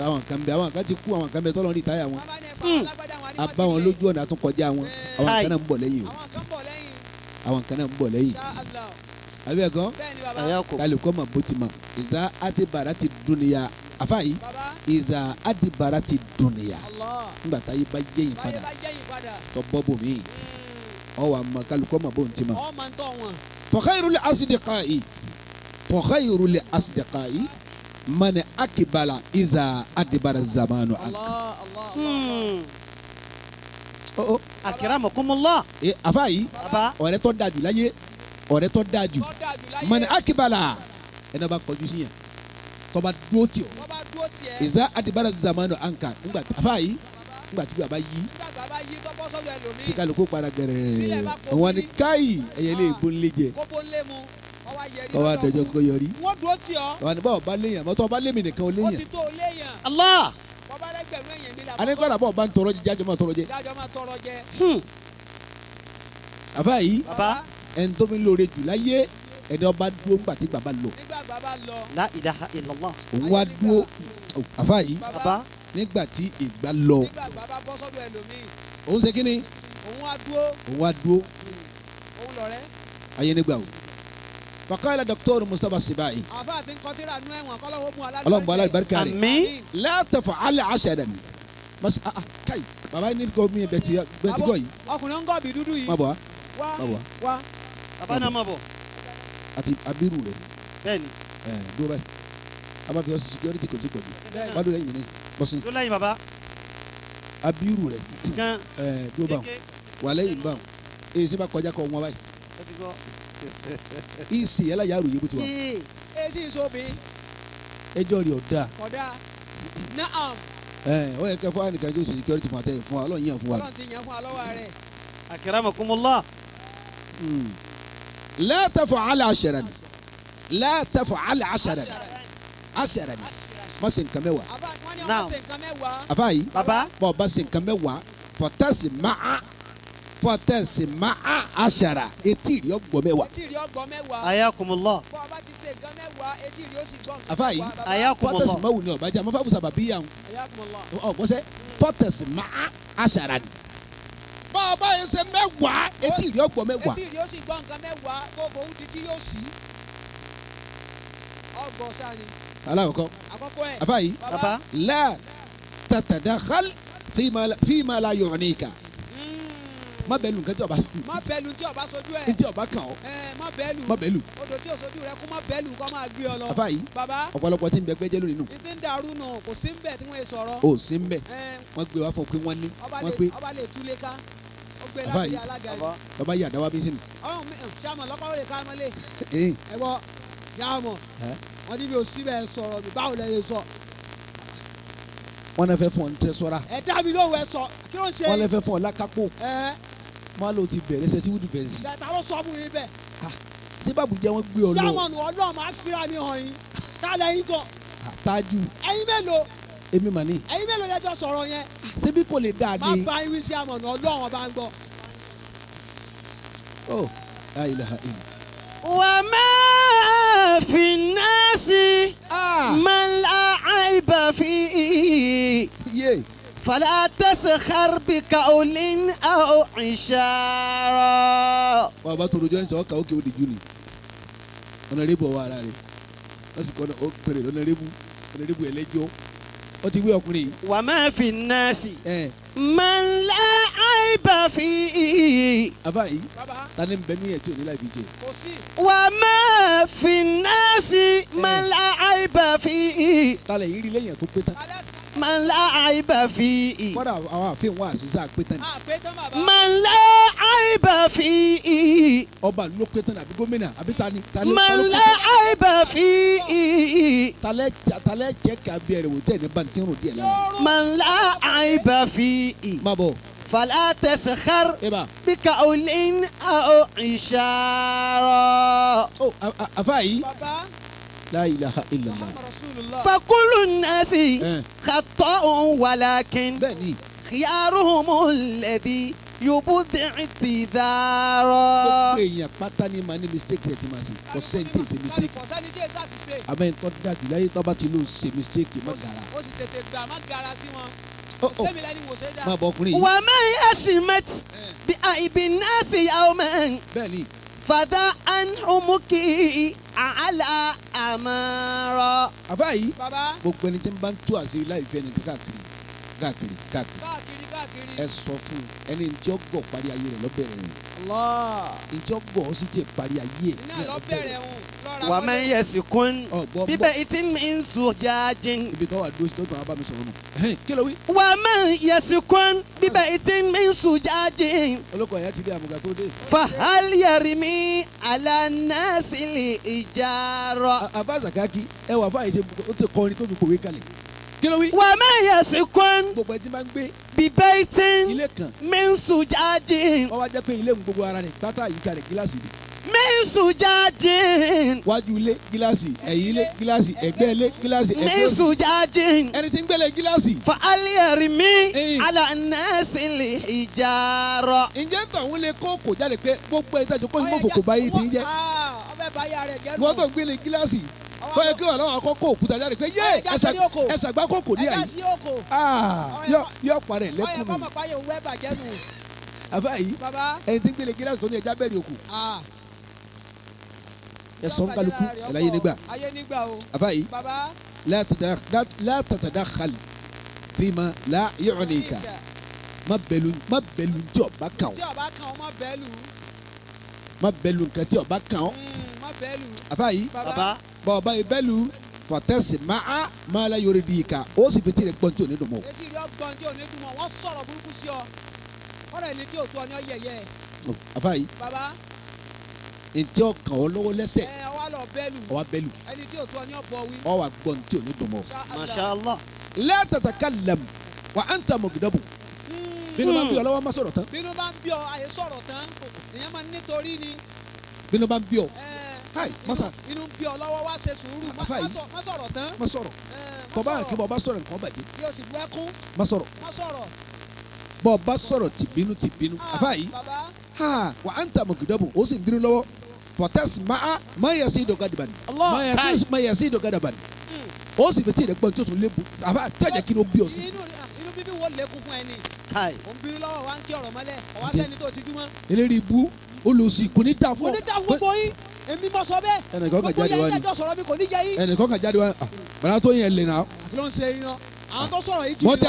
àwọn kan bẹ àwọn kan ti kú àwọn kan bẹ tọ́lọ́ ní ìtayà wọn hmm. a bá wọn lójú ọ̀nà tó kọjá wọn àwọn kan náà ń bọ̀ lẹ́yìn o àwọn kan náà ń bọ̀ lẹ́yìn àbí ẹ̀kọ́ kálukọ́ mà bó ti mà ìzá àdìbàrà ti dúnìyà àfa yìí ìzá àdìbàrà ti dúnìyà nígbà tá yé bá yéyìn padà tó bọ́ bò mí ọ hmm. wà kálukọ́ mà bó ti mà. fọ̀kàyìrúlẹ̀ asidikai fọ̀kàyìrúlẹ̀ asidikai mani akibala iza adibara zamanu ak. akiramakumula. ee afa yi ọ̀rẹ́ tó dájú láyé ọ̀rẹ́ tó dájú mani akibala ẹni bá kọjú sí yẹn tọba dúró tiọ iza adibara zamanu anka ngba afa yi ngba tí baba yí kí kálukú para gẹrẹ wọn ni káyì ẹyẹ lè gbóni lè jẹ tọ́wọ́ àdẹjọ́ kó yọrí. wọ́n dúró tì ọ́. tọ́wọ́ àdìbò ọba léèyàn mọ́tò ọba lémi nìkan ó léèyàn. ó ti tó léèyàn. Allah. bọ́bá lẹ́gbẹ̀rún èèyàn mi la. a ní kọ́ra ń tọrọ jẹ jájọ́ máa tọrọ jẹ. jájọ́ máa hmm. ẹni ọba dúró ńgbà tí bàbá lọ. nígbà bàbá lọ. la ilaha illallah. òun oh, nígbà tí ìgbà lọ. nígbà bàbá bọ́ sọ́dọ̀ ẹlòmíì. òun ṣe kí ni. òun wá dúró. òun wá dúró. òun lọ rẹ. ayé nígbà o fakala dọkítọ́rù mustapha sibai. àfa àti nkọtira nu ẹ̀wọ̀n kọ́lọ́wọ́ mu alábàárẹ̀. ọlọ́run bọ̀ alábàárẹ̀ rẹ̀. àmín. látàfà alẹ́ àṣẹ rẹ̀ masi ah ah kai baba yi ni ko mi bẹ ti bẹ ti gọ yi. ọkùnrin ń gọ bi dúdú yìí. má bọ̀ wá má bọ̀ wá baba náà má bọ̀. àti abiru rẹ. bẹ́ẹ̀ni. ẹ dúró báyìí a b'a fẹ́ security kò ti gbọ̀ bi bá dúró lẹ́yìn mi bọ́sí. dúró lẹ́yìn baba. abiru rẹ. gan ẹ dúró báwọn wàlẹ́ yìí báwọn èyí sì bá kọjá kọ wọn báyìí. ẹ ti gbọ́ isi yẹlẹ yàrá òye butuwa. yìí esi sobi. ẹjọ́ rí ọ̀dà. ọ̀dà naam. ẹ ọ yẹ kẹ fún anìkan jọ security fún atẹ fún wa Ọlọ́run yàn fún wa. Ọlọ́run ti yàn fún wa lọ́wọ́ rẹ. akramakumullah. Hmm. la taf'al asharan la taf'al asharan asharan má ṣe nǹkan mẹ́wàá. naam afa yi. baba. bọ́ọ̀ bá ṣe nǹkan mẹ́wàá fọ́tẹ́sì máa prophetess ma a aṣara etí ìrì ọgbọ mẹ́wàá. etí ìrì ọgbọ mẹ́wàá. ayakumullah. bọ́ ọba ti ṣe gan mẹ́wàá etí ìrì ó sì gbọ́. àfa yìí ayakumullah. prophetess mawu ni ọ̀bájà mọ́fà fúnṣà bàbí yà ń. ayakumullah. ọ̀gbọ́sẹ̀ prophetess ma a aṣara ni. bọ́ ọba yẹn ṣe mẹ́wàá etí ìrì ọgbọ mẹ́wàá. etí ìrì ó sì gbọ́ nǹkan mẹ́wàá kó fòun ti yóò sí. ọgbọ sani. alákọ̀ọ́kọ́ àfa yìí fima la yunika má bẹ́ẹ̀ lù nǹkan tí ọba sùn. má bẹ́ẹ̀ lù tí ọba sojú ẹ̀. ntí ọba kàn ọ́. má bẹ́ẹ̀ lù. má bẹ́ẹ̀ lù. odò tí o sojú rẹ kó má bẹ́ẹ̀ lù kó máa gbé ọ lọ. bàbá yìí bàbá ọ̀pọ̀lọpọ̀ tí ń bẹ gbẹ́jẹ́ lónìí nù. ìdí ń darú nù kò sí ń bẹ̀ tí wọ́n yẹ sọ̀rọ̀. o sí ń bẹ̀ wọ́n gbé wá fún pé wọ́n ní wọ́n pé. ọba lè túlé ká bàbá yìí bàbá yìí àdáwà bí sínú. ọlọ́run mi ṣàmọ lọkọọrọ lè ká mọ lé. ẹ gbọ́ ṣàmọ wọn níbi òsì bẹ́ẹ̀ sọ̀rọ̀ mi báwo lẹ lè sọ. wọn náà fẹ́ fọ ntẹ sọ́ra. ẹ dábìí lóhùn ẹ sọ kí ló ń ṣe. wọn náà fẹ́ fọ lákápò. ẹ Malo ti bẹ̀rẹ̀ sẹ́tíwù dìfẹ̀nsì. bẹ̀tà ló sọ fún mi bẹ́ẹ̀. ṣé bàbá jẹ́ wọ́n gbé ọ lọ. sámọ̀nù ọlọ́run máa fi àmì hàn yín tálẹ̀ yín gan. tájú. ẹ̀yin mélòó. èmi mà ní. ẹ̀yin mélòó lẹ́jọ́ sọ̀rọ̀ yẹn. ṣebí kò lè dáa dé. má bá iwí sí àmọ̀nù ọlọ́run ọba ń gbọ́. ó láìláha ìlú. wà á máa fi náà sí. máa ń la àìbá fi. فلا تسخر بقول أو عشارة. bàbá tó rojọ́ ẹ̀sán ọkà òkè òdìjú ni ọ̀nàrẹ́bù ọwọ́ ara rẹ̀ wọ́n sì kọ́ ọ pèrè ọ̀nàrẹ́bù ọ̀nàrẹ́bù ẹlẹ́jọ́ ó ti wé ọkùnrin yìí. wà á máa fi nọ́ọ̀sì. máa ń lá àìbá fi iyì. àbá yìí ta ni bẹ́ẹ̀ ní ẹ̀ tí ò ní láì fi jẹ. wà á máa fi nọ́ọ̀sì máa ń lá àìbá fi iyì. yìí rí lẹ́yìn tó pé tán máa ń lá àìbá fi ì. kọ́dà àwọn àfihàn wà sí sáà pé tán ni. máa ń lá àìbá fi ì. ọba ló pé tán àbí gómìnà àbí tani. máa ń lá àìbá fi ì. talẹ jẹ kábíyà rẹ wò tẹ ní bantínrún díẹ̀ lára. máa ń lá àìbá fi ì. má bọ̀. فلا تسخر بقول أو إشارة. أفاي la ilaha illallah. fakulu nasi eh. katọ ohun walakin khiyaruhumu lẹbi yòbú dẹ́ẹ̀tì dàrọ. gbogbo èèyàn pátá ni màá ní mistake rẹ̀ ti máa ṣe kò sẹ́ni tí mistake. kò sẹ́ni tí ì sá ti láyé tọ́ba ti ló ṣe mistake má gara. ó sì tètè gbà má gara sí wọn. Oh, oh. sẹ́mi lẹ́ni wò mẹ́rin ẹ̀sìn mẹ́tì bí àìbí náà sì yà ọ́ mẹ́rin fàdá anhumuki àhálà àmọ́rọ. àbá yìí gbogbo ẹni tí ń bá ń tú àṣírí láì fẹ́ ẹni tó káàkiri káàkiri káàkiri ẹ sọ fún ẹni ǹjẹ́ ọgọ̀ parí ayé rẹ̀ lọ́bẹ̀rẹ̀ rẹ̀ ǹjẹ́ ọgọ̀ ọ sì jẹ́ parí ayé rẹ̀ lọ́bẹ̀rẹ̀ rẹ̀ wà á máa ń yẹ sìnkún bíbẹ̀ ìtì ń sùn jáàjìn. ibi tó wà dúró sí tọ́jú àwọn bá mi sọ̀rọ̀ mọ̀ kí ló wí. wà á máa ń yẹ sìnkún bíbẹ̀ ìtì ń sùn jáàjìn. olóko ẹ̀yà ti rí àmùgà tó dé. fàhálì ẹ̀rìmí alánàásìlì ìjàrọ̀. àbá àzàkákí ẹ wà fáyé ṣe ó ti kọrin tó fi kòwé kalẹ̀ kí ló wí. wà á mẹ́yà sí kún. gbogbo ẹtí máa ń gbé. bíbẹ́ ìtì. ilé kan. mi ń sùn jáde. ọwọ́ ajẹ́ pé ilé ń gbogbo ara rẹ̀ pátá yìí kalẹ̀ kíláàsì ni mísù jájìn. wájú ilé gíláàsì ẹ̀yìn ilé gíláàsì ẹ̀gbẹ́ ilé gíláàsì ẹ̀gbẹ́ ilé. mísù jájìn. ẹni tí ń gbélé gíláàsì. fa aliyari mi ala nẹ́ẹ̀sì lè ìjàrọ̀. ǹjẹ́ tọ̀hún lè kó kò jáde pé gbogbo ẹ̀ tàjú kó sì mọ̀ fòkò báyìí ti ń jẹ́. wọ́n tó gbélé gíláàsì bọ́lá kí ọlọ́run akọ́ kó òkúta jáde pé yé ẹsẹ̀ àgbá kòkò ní àyè ah, yọ parẹ́ lẹ́kùn mi. àbáyé ẹni tí ń gbélé gíláàsì tó ní ẹja bẹ́ẹ̀ òkú. Ah ẹ̀sọ́ nkálukú ẹ̀ láyé nígbà àbá yìí látàtàdá xali fíìmà lá yọ̀ọ̀ nìkan má bẹ̀lú má bẹ̀lú tí o bá kàn ọ́ má bẹ̀lú nǹkan tí o bá kàn ọ́ hmm, àbá yìí bọ̀ ọba yìí bẹ̀lú fọtẹ́sì máa máa la yọrọ di ìka ó sì fi tirẹ̀ gbọ́n tí ò ní dùn mọ́. etí yọ gbọ́n tí ò ní dùn mọ́ wọ́n burúkú sí ọ wọ́n rẹ̀ ní tí ò tó ọ ọ yẹ̀yẹ́. àbá yìí ntí ọkàn ọ lọ́wọ́ lẹ́sẹ̀ ọwọ́ bẹ́lù ọwọ́ gbọ́n tí ò ní dùn mọ́. mashallah. la tatakallam wa anta mọ̀gídọ́bù hmm. bínú bá ń bí ọ lọ́wọ́ má sọ̀rọ̀ tán. bínú bá ń bí ọ àyè sọ̀rọ̀ tán ìyẹn máa ń nítorí ni. bínú bá ń bí ọ. ayi masa. inú bí ọ lọ́wọ́ wá ṣe sùúrù má sọ̀rọ̀ tán. má sọ̀rọ̀ kọ́ bá àkíbọ̀ bá sọ̀rọ̀ nǹkan bàjẹ́. yóò sì bu ẹkún. má sọ̀rọ̀. má bá sọ̀rọ̀ tìbínú tìbínú àfáà ah, yìí wà á ń tà mọ̀gídọ́bù ó sì ń bínú lọ́wọ́ fọ̀tẹ́sì máa máa yẹ sí ìdọ̀gàdìbànì máa yẹ sí ìdọ̀gàdìbànì ó sì fi tí ìrẹ́pọ̀ tó tún lébu àbá tẹ̀jẹ̀ kí ló bí ọ sí. Ah, inú bíbí wo lè kún fún ẹni. káì. òun bínú lọ́wọ́ wa ń kí ọ̀rọ̀ mọ́lẹ̀ ọ̀wá sẹ́ni tó ti bímọ. eléyìí ibú olùsí kò ní dà fún ọ. kò ní dà fún gbogbo yín èmi mọ sọ bẹ́ẹ̀. ẹnìkan kan jáde wá ni ẹnìkan kan jáde wá ni bàrà tó yẹn lè nà. kí ń ṣe yín náà àwọn tó sọ̀rọ̀ yìí jù mí lọ. mo tẹ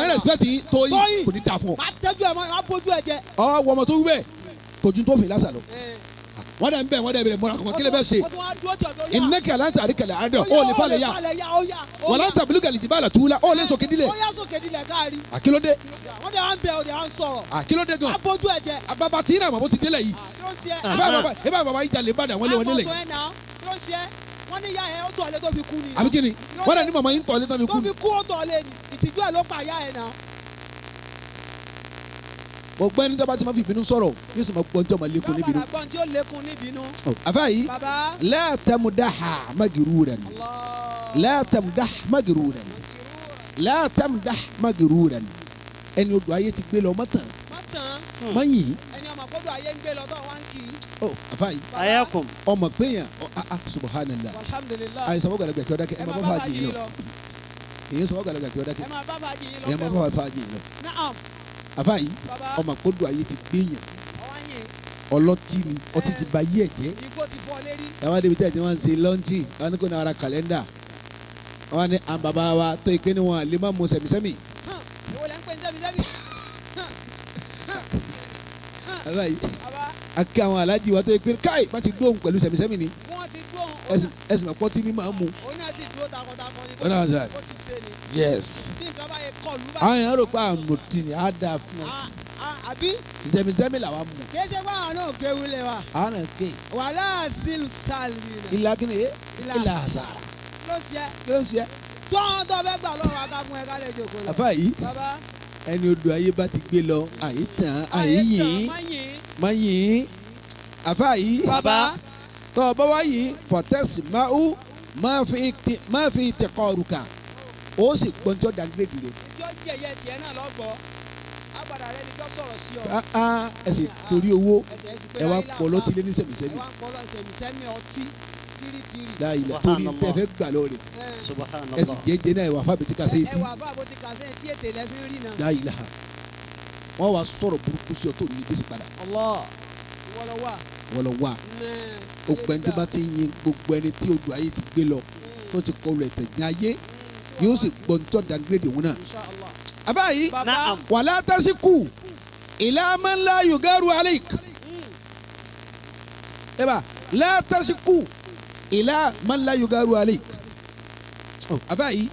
tó yìí kò ní dà fún ọ. máa tẹ́jú ẹ̀ máa bójú ẹ jẹ. ọ wọ ọmọ tó wú bẹ́ẹ̀ kò ju tó fi lásà lọ eh. wọ́n dẹ̀ ń bẹ̀ wọ́n dẹ̀ bẹ̀rẹ̀ mọ́ra kọ̀ọ̀kan kí lè bẹ́ẹ̀ ṣe ìnẹ́kẹ̀ aláǹtàrí kẹlẹ̀ àádọ́ ó lè falẹ̀ yá wọ́n láǹtà bílú kẹlẹ̀ jìbá àlàtú la kedile. àkílódé. wọ́n dẹ̀ wọ́n bẹ̀ ọ̀ dẹ̀ wọ́n sọ̀rọ̀. àkílódé gan. abojú ẹ̀jẹ̀. bàbá tí iná àmọ́ ti délẹ̀ yìí. ibà bàbá ìjà lè bàdà wọ́n lé wọn délẹ̀ yìí wọ́n ní ya ẹ̀ ó tọ̀lé tó fi kú ni. àbí kí ni wọ́n dẹ̀ ní màmá yín tọ̀lé tó fi kú tó fi kú ó tọ̀lé ni ìtìjú ẹ̀ ló pa ya ẹ̀ náà mo gbọ́ ẹni tó bá ti máa fi ìbínú sọ̀rọ̀ yóò sì máa gbọ́ ní tí o máa lékun níbínú. yóò máa gbọ́ ní tí o lékun níbínú. àfáà yìí látàmúdáhà magiruran látàmúdáhà magiruran látàmúdáhà magiruran ẹni odò ayé ti gbé lọ mọ́tàn mọ́yìn. ẹni ọmọ kó do ayé ń gbé lọ tó wá ń kì ọ àfáà yìí. ayakum. ọmọ gbẹ̀yàn subhanallah. alhamdulillah. àyè sọ̀rọ̀ àfa yìí ọmọ àpòdù ayé ti gbéyàn ọlọ́tí ni ọtí ti ba yí ẹ̀jẹ̀ táwọn débi tí ẹ̀jẹ̀ wọn ń ṣe lọ́ńtì wọn ní kò ní ara kàlẹ́ndà wọn ní àwọn bàbá wa tó ìpè ní wọn lè má mu sẹ̀mísẹ́mì. àfa yìí akí àwọn aláàjì wa tó ìpè ní káì má ti dóhùn pẹ̀lú sẹ̀mísẹ́mì ni ẹ̀sìn ẹ̀sìn àpọ́tí ni màá mu. òun náà sì dúró takọ̀takọ̀ ni kò tí ì yes àwọn èèyàn rò pé àmùtí ni á dáa fún ọ. àbí. zẹmizẹmi làwa mọ. kéṣe pé àwọn náà kéwu lè wa. àwọn náà ké. wàhálà sílù sàlì. ìlà kìíní yé ìlà àzàrà. ló ń ṣe. ló ń ṣe. tó àwọn tó fẹ́ gbà lọ́wọ́ akágun ẹ̀ ká lè jòkó lọ. bàbá yìí ẹni odò ayé bá ti gbé lọ àyè tán àyè yìí mọ yìí àfa yìí. bàbá. tọ́ ọ bá yìí fọ̀tẹ́sì máa fi tẹ̀kọ́ ọ̀rùka ó sì gbọ́njọ́ dàgbé dìde ń fi ẹ̀yẹ tiẹ̀ náà lọ gbọ́ agbada rẹ ni kí ọ sọ̀rọ̀ sí ọ. Ah, ah, ẹ sì ah, torí owó ẹ wá pọ̀ lọ́tí lé ní sẹ̀mísẹ́mì. ẹ wá pọ̀ lọ́tí sẹ̀mísẹ́mì ọtí tiritiri. láyé ilẹ̀ torí tẹ fẹ́ gbà lọ rẹ̀ eh. ẹ sì jẹjẹ náà ìwà fábí ti kásẹ̀ etí. ẹ wà fábí ti kásẹ̀ etí ètè lẹ fi rí náà. láyé ilẹ̀ wọn wá sọ̀rọ̀ burúkú sí ọ tó ní gbèsè padà. wọlọwà. wọlọwà ògbẹ́ntẹ́ bá ti yin gbogbo ẹni tí odò ayé ti gbé lọ hmm. tó ti kọlu ẹ̀tẹ̀ ní ayé yóò sì gbọ̀ntọ́ dàgbére òun náà. abáyí wàlá tásíkù ìlàmánlá yugaru alik eba látàsíkù ìlàmánlá yugaru alik abáyí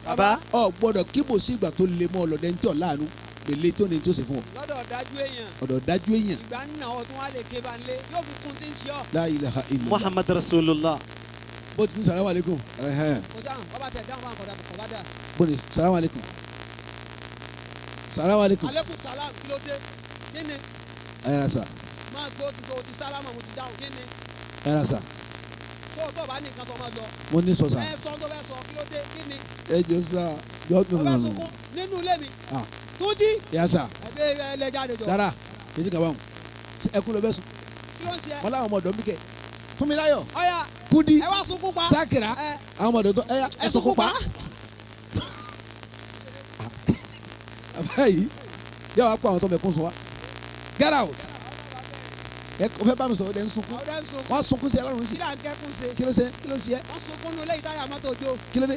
oh, ọ gbọ́dọ̀ kíbo sí ìgbà tó lè mọ ọlọdẹ ń tọ láàánú pèlè tó ní tó sì fún ọ. lọ́dọ̀ dájú èèyàn. ọ̀dọ̀ dájú èèyàn. ìgbà nínú àwọn tó wà lè ké bá ń lé yóò fi kún tí ń ṣe ọ. la ilaha illallah. muhammad rasulullah ó ti ní salamu aleykum. bó ni salamu aleykum. salamu aleykum. aleykum salam kí ló dé kí ni. ẹ yẹra sa. máa gbé o ti gbé o ti sálámà mo ti dáhùn kí ni. ẹ yẹra sa. sọ bọ́ọ̀ bá ní nǹkan sọ ma lọ. mo ní sọ sa. ẹ sọ tó bẹ́ẹ̀ sọ kí ló dé kí ni. ẹ jọ sa yọ tún nù. ọba sunkún nínú ilé mi. tó jí. yà sa. ẹ bẹ ẹ lẹ jáde jọ. dara kì í mu ẹkún ló bẹ sùn. kí ló ń ṣe. wọn láwọn ọmọ ọ̀dọ́ Fúnmiláyọ̀ Kudi Sakira àwọn ọmọdé tó ẹ sunkún pa. àbá yìí yóò àwọn tó bẹ kún sọ wa get out ẹ o fẹ bá mi sọ ọdẹ nsunkun wọn sunkún sí ẹ lọrùn sí kí ló ṣe kí ló ṣe ẹ wọn sunkún nulẹ ìtayà mọtò ojo kí ló dé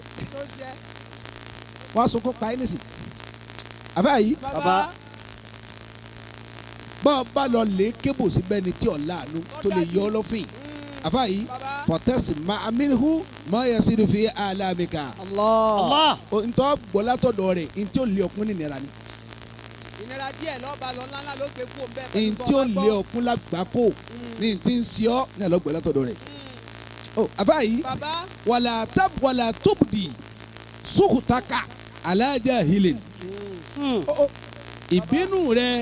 wọn sunkún pa ẹ nísì àbá baba bọ́ọ̀ bá lọ lé kébù síbẹ̀ ni tí ọ̀ láàánú tó lè yọ ọ lọ́fìn àfàyí fọ̀tẹ́sì ma'amínú mọ́yẹ sínú fi alámìka. Allah. ntọ́ gbọ́látọ̀ dọ̀ rẹ̀ ntí ò lé ọkùn ní ìnira ni. ìnira díẹ̀ lọ́ba lọ ńláńlá ló gbé fún bẹ́ẹ̀. ntí ò lé ọkùn lágbàkó ní ntí ń sọ ní àlọ́ gbọ́látọ̀ dọ̀ rẹ̀. àfàyí wàlà tóbùdì sókùtàkà alájà hilin. ìbínú rẹ̀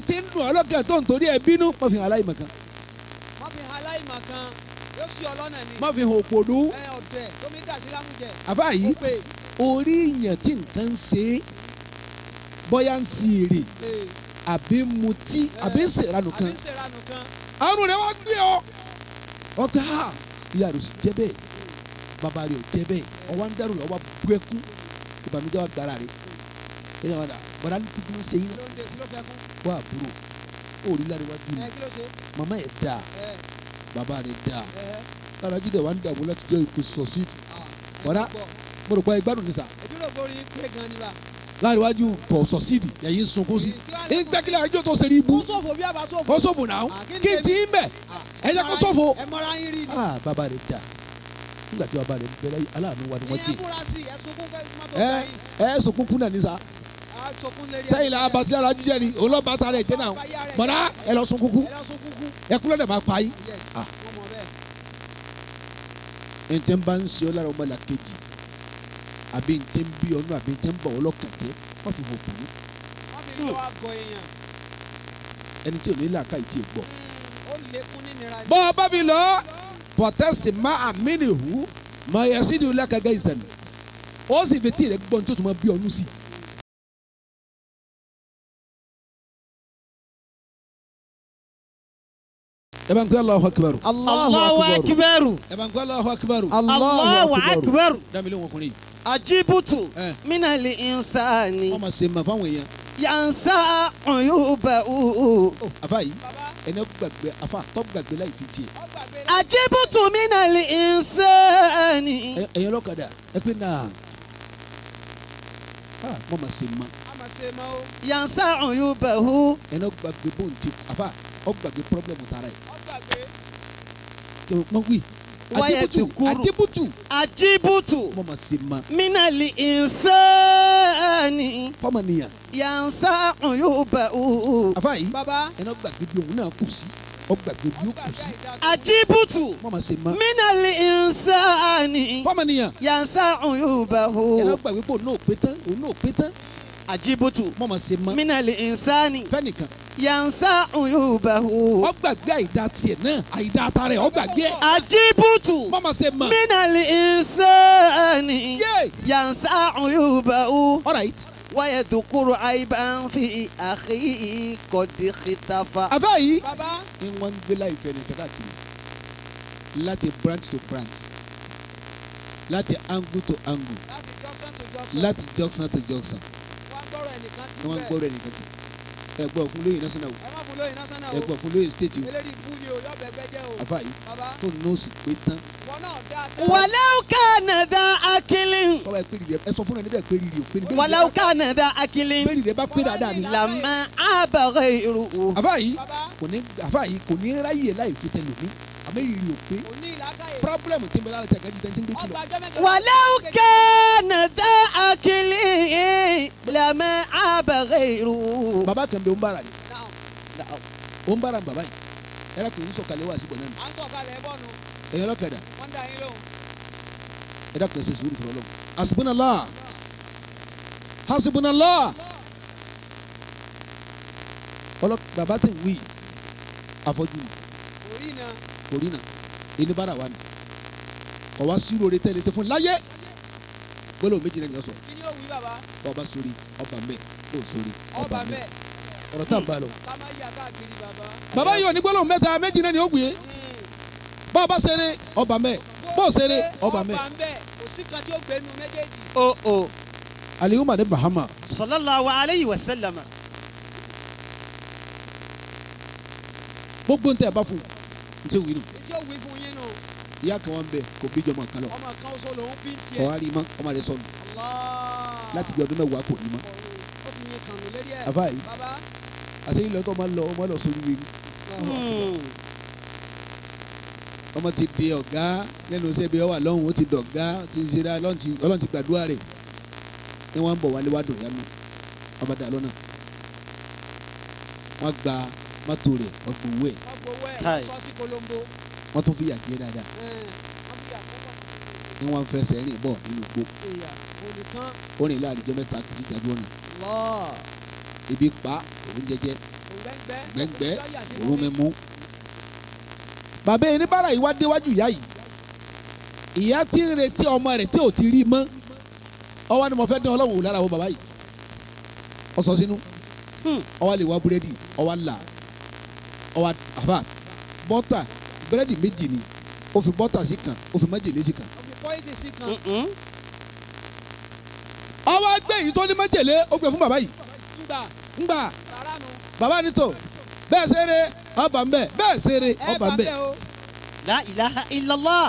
ntí ń dùn ọlọ́kẹ́ tó ń torí ẹ̀ bínú pọ̀ fi hàn aláìmọ̀kan sí ọ lọ́nà ni. má fi hàn òpòdú. ẹ ọ̀dẹ̀ tómi dàsí lámújẹ. àbá yìí orí èèyàn tí nǹkan ń ṣe é bóyá ń si èrè àbí mutí àbí ń ṣèrànù kan àrùn rẹ wá gbé ọ ọgbà ìyá rẹ ò sì jẹ bẹ́ẹ̀ bàbá rẹ ò jẹ bẹ́ẹ̀ ọwọ ń dàrú rẹ ọwọ bú ẹkú ìbànújẹ́ wà gbára rẹ ẹnì àwọn bàdá ní kúkú ń ṣe yín wà àbúrò ó rí lárí wájú mi màmá ẹ̀ dáa bàbá rẹ̀ dà Bàbájí dẹ̀ wá ń dààmú láti jẹ́ ìpè sọ̀síìdì ọ̀dà mo rò pé ẹ gbádùn ní sà. ìdúró borí pé gan ni wa. láàrin iwájú kò sọ̀síìdì ẹ̀yìn sunkún sí i ń gbẹ́ kílẹ̀ àjọ tó ṣe ní ibú kó sòfò náà kí n ti ń bẹ̀ ẹ jẹ́ kó sòfò. ẹ mọra yín rí ni. bàbá rẹ̀ dà nígbà tí bàbá rẹ̀ ń bẹ láyé aláàánú wa ni wọ́n dé. ẹ ẹ sunkún kún náà ní sà sẹ́yìn la abatilẹ̀ la jíjẹ́ ni olóòbá ta rẹ̀ jẹ́ náà mọ̀dá ẹ lọ sunkún kún ẹkún lọ́dẹ̀ máa pa yín. Ah. ntẹ́ ń bá ń ṣe ọ́ lára ọmọ làkejì àbí ntẹ́ ń bí ọ̀nà àbí ntẹ́ ń bọ̀ ọ́ lọ́kàkẹ́ wọ́n fi hàn kùnú. ẹni tí ò ní làákà yìí ti gbọ́. Hmm, bọ́ ọ lọ fọ̀tẹ́sì má àmínìhù mọ̀ ẹ̀yẹ́sídìí lákàgẹ́ ìsẹ̀mí ó sì fi tí ì rẹ̀ gbọ́n tó tún máa bí ọ̀nù sí i. ẹ bá ń pẹ́ Allahu akibaru. Allahu akibaru. ẹ bá ń pẹ́ Allahu akibaru. Allahu akibaru. dámilé wọn kùnrin. ajibutu minali insani. ọmọ sèmà fáwọn èèyàn. yansa ọyọba uhu. àfa yìí ẹni gbàgbé àfa tó gbàgbé láì fi tiẹ̀. ajibutu minali insani. ẹ̀yin ọlọ́kadà ẹ pé náà ah, mọ̀ ma sèmà. yansa ọyọba uhu. ẹni gbàgbé bóun ti àfa ó problem tara ẹ̀ mo wí wayẹtukuru ajibutu ajibutu mọ̀mọ́ sí ma. minali insani. fọmọnìyàn. yansa yuba u. àfa yìí baba ẹnna gbàgbé bí òun náà kù sí ó gbàgbé ó kù sí. ajibutu mọ̀mọ́ sí ma. minali insani. fọmọnìyàn. yansa yuba u. ẹnna gbàgbé bò òun náà pé tán òun náà pé ajibutu mọ̀mọ́ sí ma. minali insani. fẹ́nìkan yansa uyubahu. ó gbàgbé àìdá tiẹ̀ náà àìdá tara ẹ̀ ó gbàgbé. àjíbùtù. mọ́mọ́ ṣe mọ̀. mínàlì ìsẹ́ni. yansa uyubahu. all right. wáyé dùkúrò àìbá ń fi àkíyí kọ̀dí kìtàfà. àbá yìí. bàbá. ni wọ́n ń gbé láìpẹ́ ní kákàkiri láti branch to branch láti angle to angle láti junction to junction. wọ́n ń gbọ́rọ̀ ẹnìkan tó bẹ́ẹ̀ ẹgbẹ́ òfin lóyè national o ẹgbẹ́ lóyè state o àbá yìí tó nọ́ọ̀sì pé tán. wàláwù ká akínlẹ̀. bàbá ẹ sọ fún ẹ níbẹ̀ pé rìrì o pé rìrì. akínlẹ̀. pé rìrì ẹ bá pé dáadáa ni. làmà àbàrẹ̀ irú o. àbá yìí kò ní ráyè láì fi tẹ̀lé mi àmì ìrì òpé pírọ́bùlẹ̀mù tí ń bẹ lára tẹ̀gẹ́ ju tẹ́ntì ń gbé jù wàlẹ́ òkè nàdá àkìlì lẹ́mẹ̀ àbẹ̀rẹ̀ irú. bàbá kan bẹ ó ń bára ni ó ń bára bàbá yìí ẹ̀rọ kò ní sọ̀kalẹ̀ wá síbọ̀ náà ni. à ń sọ̀kalẹ̀ ẹ̀ bọ́ọ̀nù. ẹ̀yọ́ lọ́kadà. wọ́n dà yín lóhùn. ẹ̀dá kan ṣe sùúrù tọ̀rọ̀ lọ́wọ́. hasbunallah hasbunallah ń wí àfọ́jú mi kò rí nà ẹni bára wa ni kò wá sí rore tẹ́lẹ̀ ṣe fún láyé gbọ́dọ̀ méjì náà ni wọ́n sọ. kí ni ó wí bàbá. ọba sori ọba mẹ ó sori ọba mẹ ọ̀rọ̀ tá n bá lọ. bàbá yìí wà ní gbọ́dọ̀ mẹ́ta méjì náà ni ó gbé hmm. bá ọba ṣeré ọba mẹ bó ṣeré ọba mẹ. kò sí kan tí ó gbé nu méjèèjì. o o. aliyuma de bahama. sallallahu alayhi wa sallam. gbogbo ntẹ bá fún un n tí ò wí nù. n tí ò wí fún yín nù. ìyá kan wà ń bẹ kò bí jọmọ kan lọ. ọmọ kan oṣù lòún bí tiẹ̀. ọ̀hán rí i mọ́ ọmọ rẹ̀ sọnù. láti bí ọdún mẹ́wàá kò ní mọ́. ó ti yin kànú lérí ẹ̀. àbá yìí àti ilẹ̀ tó máa lọ hmm. ọmọ ti di ọ̀gá lẹ́nu iṣẹ́ bí ọ wà lọ́hùn ó ti dọ̀gá ti ń ṣera ti gbàdúrà rẹ̀ ni wọ́n ń bọ̀ wálé wá dùn yánu ọba dà lọ́nà gba mọ́tò rẹ̀ ọgbọ̀n owó káì wọ́n tún fìyà jẹ dáadáa ní wọ́n fẹsẹ̀ rìn bọ̀ nínú igbó orin láàrin jọ mẹ́ta kìí jáde ọ̀nà ibi pa òun jẹjẹ gbẹngbẹ òun mímú. bàbá eníbàárà yìí wá déwájú ìyá yìí ìyá tí ń retí ọmọ rẹ̀ tí ò ti rí mọ́ ọwọ́ ni mo fẹ́ dán ọlọ́wọ́ lára wo bàbá yìí ọ̀sọ̀ sínú ọwọ́ hmm. lè wá búrẹ́dì ọwọ́ là ọwọ́ àfà bọ́tà búrẹ́dì méjì ni o fi bọ́tà sí kan o fi májèlé sí kan. o fi pọ́ìsì sí kan. ọwọ́ gbé èyí tó ní májèlé ó gbé fún bàbá yìí. ngbà. bàbá ni tó bẹ́ẹ̀ sẹ́rẹ̀ ọba ń bẹ̀ bẹ́ẹ̀ sẹ́rẹ̀ ọba ń bẹ̀. la ilaha illallah.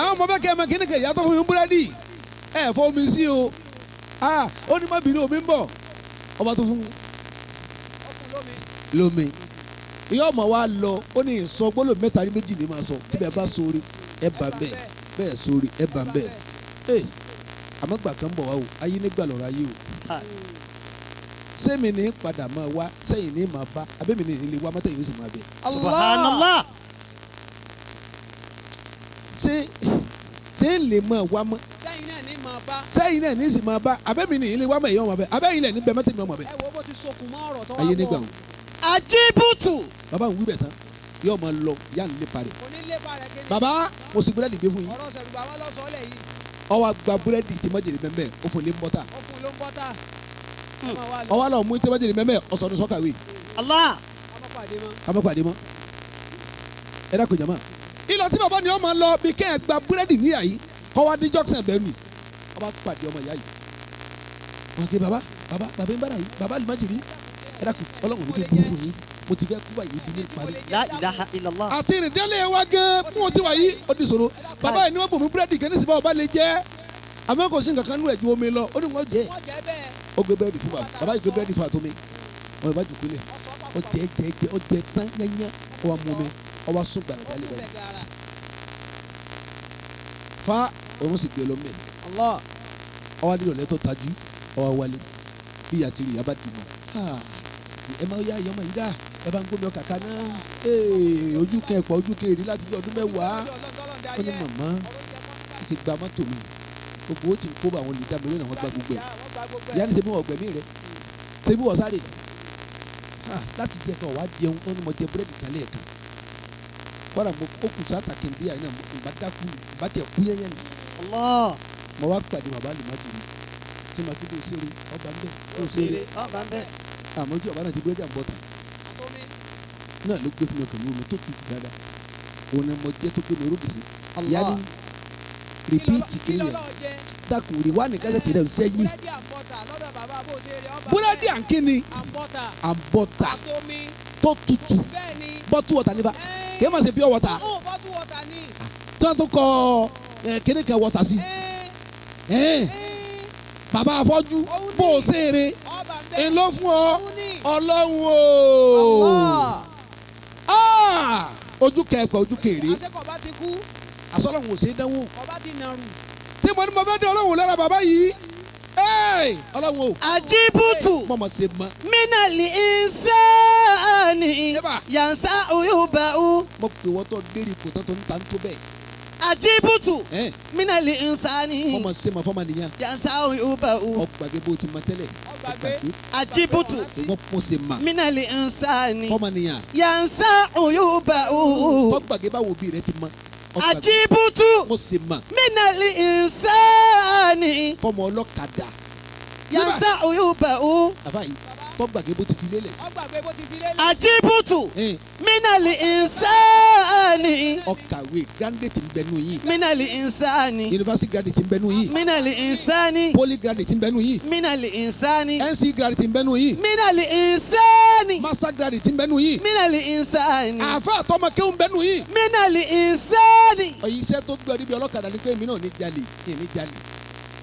àwọn ọmọ bẹ́ẹ̀ kẹ́ ẹ máa kíni kẹ́ ìyàtọ̀ fún mi búrẹ́dì ẹ̀ fọ́ omi sí o ó ní má bínú omi ń bọ̀ ọba tó fún lomi yóò mọ̀ wá lọ ó ní ìsọ gbọ́dọ̀ mẹ́ta ní méjì ní máa sọ bíbẹ̀ bá sóore ẹ bá bẹ́ẹ̀ bẹ́ẹ̀ sóore ẹ bá bẹ́ẹ̀ ee àmọ́gbà kan bọ̀ wá o ayé nígbà lọ́rọ̀ ayé o sẹ́mi ah. ní padà máa wá sẹ́yìn ní máa bá abẹ́mi ní ilé wa mọ́tò yìí ó sì máa bẹ̀. Subhanallah. ṣé ṣé ń lè máa wá mọ́ sẹ́yìn náà ní sì máa bá abẹ́mi ní ilé wa mọ̀ èyí ọmọ bẹ́ẹ̀ abẹ́yìn náà ní bẹ́ẹ̀ mọ́tò mi ọmọ bẹ́ẹ̀. ayé nígbà wọn àjíbùtù. bàbá ń wí bẹ̀ tán yóò máa lọ ìyá ń lépa rẹ̀. bàbá mo sì búrẹ́dì gbé fún yín. ọ̀rọ̀ sẹ̀rù bàbá lọ́sọ̀ọ́ lẹ̀ yìí. ọwọ́ gba búrẹ́dì tí májèlé mẹ́mẹ́ ó fún lé ń bọ́tà. ó fún ló ń bọ́tà. Hmm. ọwọ́ àlọ́ mú tí májèlé mẹ́mẹ́ ọ̀sán ọdún sọ́kàwé. Allah. amọ́pàdé mọ́. ẹ dákun jama. ìlọ tí bàbá ni ó máa lọ bí kẹ́ ẹ gba búrẹ́dì níyà yìí kọ́ wá dí jọ́kísàn bẹ́ẹ̀ nù ọba pàdé ọmọ ìyá bàbá bàbá yìí bàbá lè ẹ dákun ọlọ́run ní kí n kúrú fún yín mo ti fẹ́ kú wáyé ibi ní ìparí. la ilaha illallah. àti ìrìndẹ́lé wa gan kí wọ́n ti wáyé ó di ṣòro bàbá yìí ni wọ́n bò mú búrẹ́dì kan nísìnyí báwo bá lè jẹ́ àmọ́ kò sí nǹkan kan nú ẹ̀ ju omi lọ ó ní wọ́n jẹ́ ó gbé búrẹ́dì fún bàbá bàbá yìí gbé búrẹ́dì fún àtomi wọn ìbá jùkú lẹ̀ ó jẹ́ jẹ́ jẹ́ ó jẹ́ tán yányá ó wà mú mi ó wà sún gbàrà dálé báyìí fa òun sì gbé lọ́mọ ọ wá nílò lẹ́tọ̀ tajú ọ wá wálé ẹ máa yá ìyọmọ yìí dá ẹ bá ń gbómi ọkà kaná ojú kẹpọ̀ ojú kẹrin láti bí ọdún mẹ́wàá ó ní màmá ó ti gba mọ́tò mi gbogbo ó ti kó bá àwọn olùdá mi lónìí àwọn gba gbogbo ẹ̀ ìyá ni tèmi ọ̀gbẹ̀mí rẹ tèmi wọ̀ sáré láti jẹ kan wàá jẹun ó ní mo jẹ búrẹ́dì kan kọ́ra mo ó kù sáà tàkìndí àyìn náà mo dákú mo tẹ̀ kú yẹ́yẹ́ mi mo wá pàdé bàbá lè má jù mí tí màá fi dé òṣèré ọba ń bẹ̀ òṣèré ọba ń bẹ̀ àmọ́ ojú ọ̀bá náà ti búrẹ́dì àbọ̀tà náà ló gbé fún mi ọkàn mi omi tó tutù dáadáa òun ni mo jẹ́ tó gbé mi rúgì sí yanni rìpíìtì kiri yẹn dákun rìwá ní kásẹ̀tì rẹ̀ ń sẹ́yìn búrẹ́dì àǹkíni àbọ̀tà tó tutù bọ́tù wọ̀tà nípa kí ẹ má ṣe pure water tí wọ́n tún kọ kíní kan water sí bàbá afọ́jú bó o ṣeré n ló fún ọ ọlọ́run o ah! ojú kẹpẹ ojú kéré asọ́lọ́hún ò ṣe é dánwò tí mo ní mo fẹ́ dé ọlọ́run lára bàbá yìí ọlọ́run o. àjíbùtù mínàlì ìsẹ́ẹ̀nì yànsá òyùbá o. mo pè wọ́n tó dérí kò tó tó ń ta ń tó bẹ́ẹ̀ ajibutu eh. minali nsani. ọmọ se ma fọmọ nìyẹn. yansa uba u. ọgbàgbé bó ti ma tẹ́lẹ̀. ọgbàgbé. ajibutu. ọmọ kun se ma. minali nsani. fọmọ nìyẹn. yansa uba u. ọgbàgbé báwo bí rẹ ti ma ajibutu minali nsani. fọmọ ọlọ́kadà. yansa ba u tó gbàgbé bó ti fi lélẹ̀ sí. ó gbàgbé bó ti fi lélẹ̀ sí. àjíbùtù mínàlì ìnsáàní. ọkàwé gírandéètì ń bẹnu yìí. mínàlì ìnsáàní. yunifásitì gírandéètì ń bẹnu yìí. mínàlì ìnsáàní. poli gírandéètì ń bẹnu yìí. mínàlì ìnsáàní. nc gírandéètì ń bẹnu yìí. mínàlì ìnsáàní. master gírandéètì ń bẹnu yìí. mínàlì ìnsáàní. àfa àtọmọkéwù bẹnu yìí. mínàlì ìnsáàní. ọ̀yíṣẹ́ tó gbọ́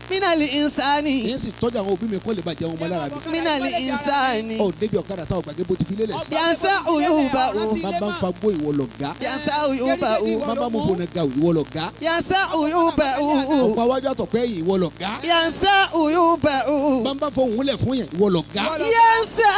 Minali insani. yéé sì tọ́jú àwọn òbí mi kọ́ lè bá jẹun ọmọ lára mi. mínàlì ìnsáni. ọ débi ọ̀kadà táwọn gbàgbé bó ti fi lélẹ̀ yansa uyuba o. bàbá ń fa gbó ìwọ lọ ga. yansa uyuba o. bàbá mo fòna ga ìwọ lọ ga. yansa uyuba o. ọ̀pọ̀ awájú àtọ̀pẹ́ yìí ìwọ lọ ga. yansa uyuba o. bàbá fọ òun lẹ̀ fún yẹn ìwọ lọ ga. yansa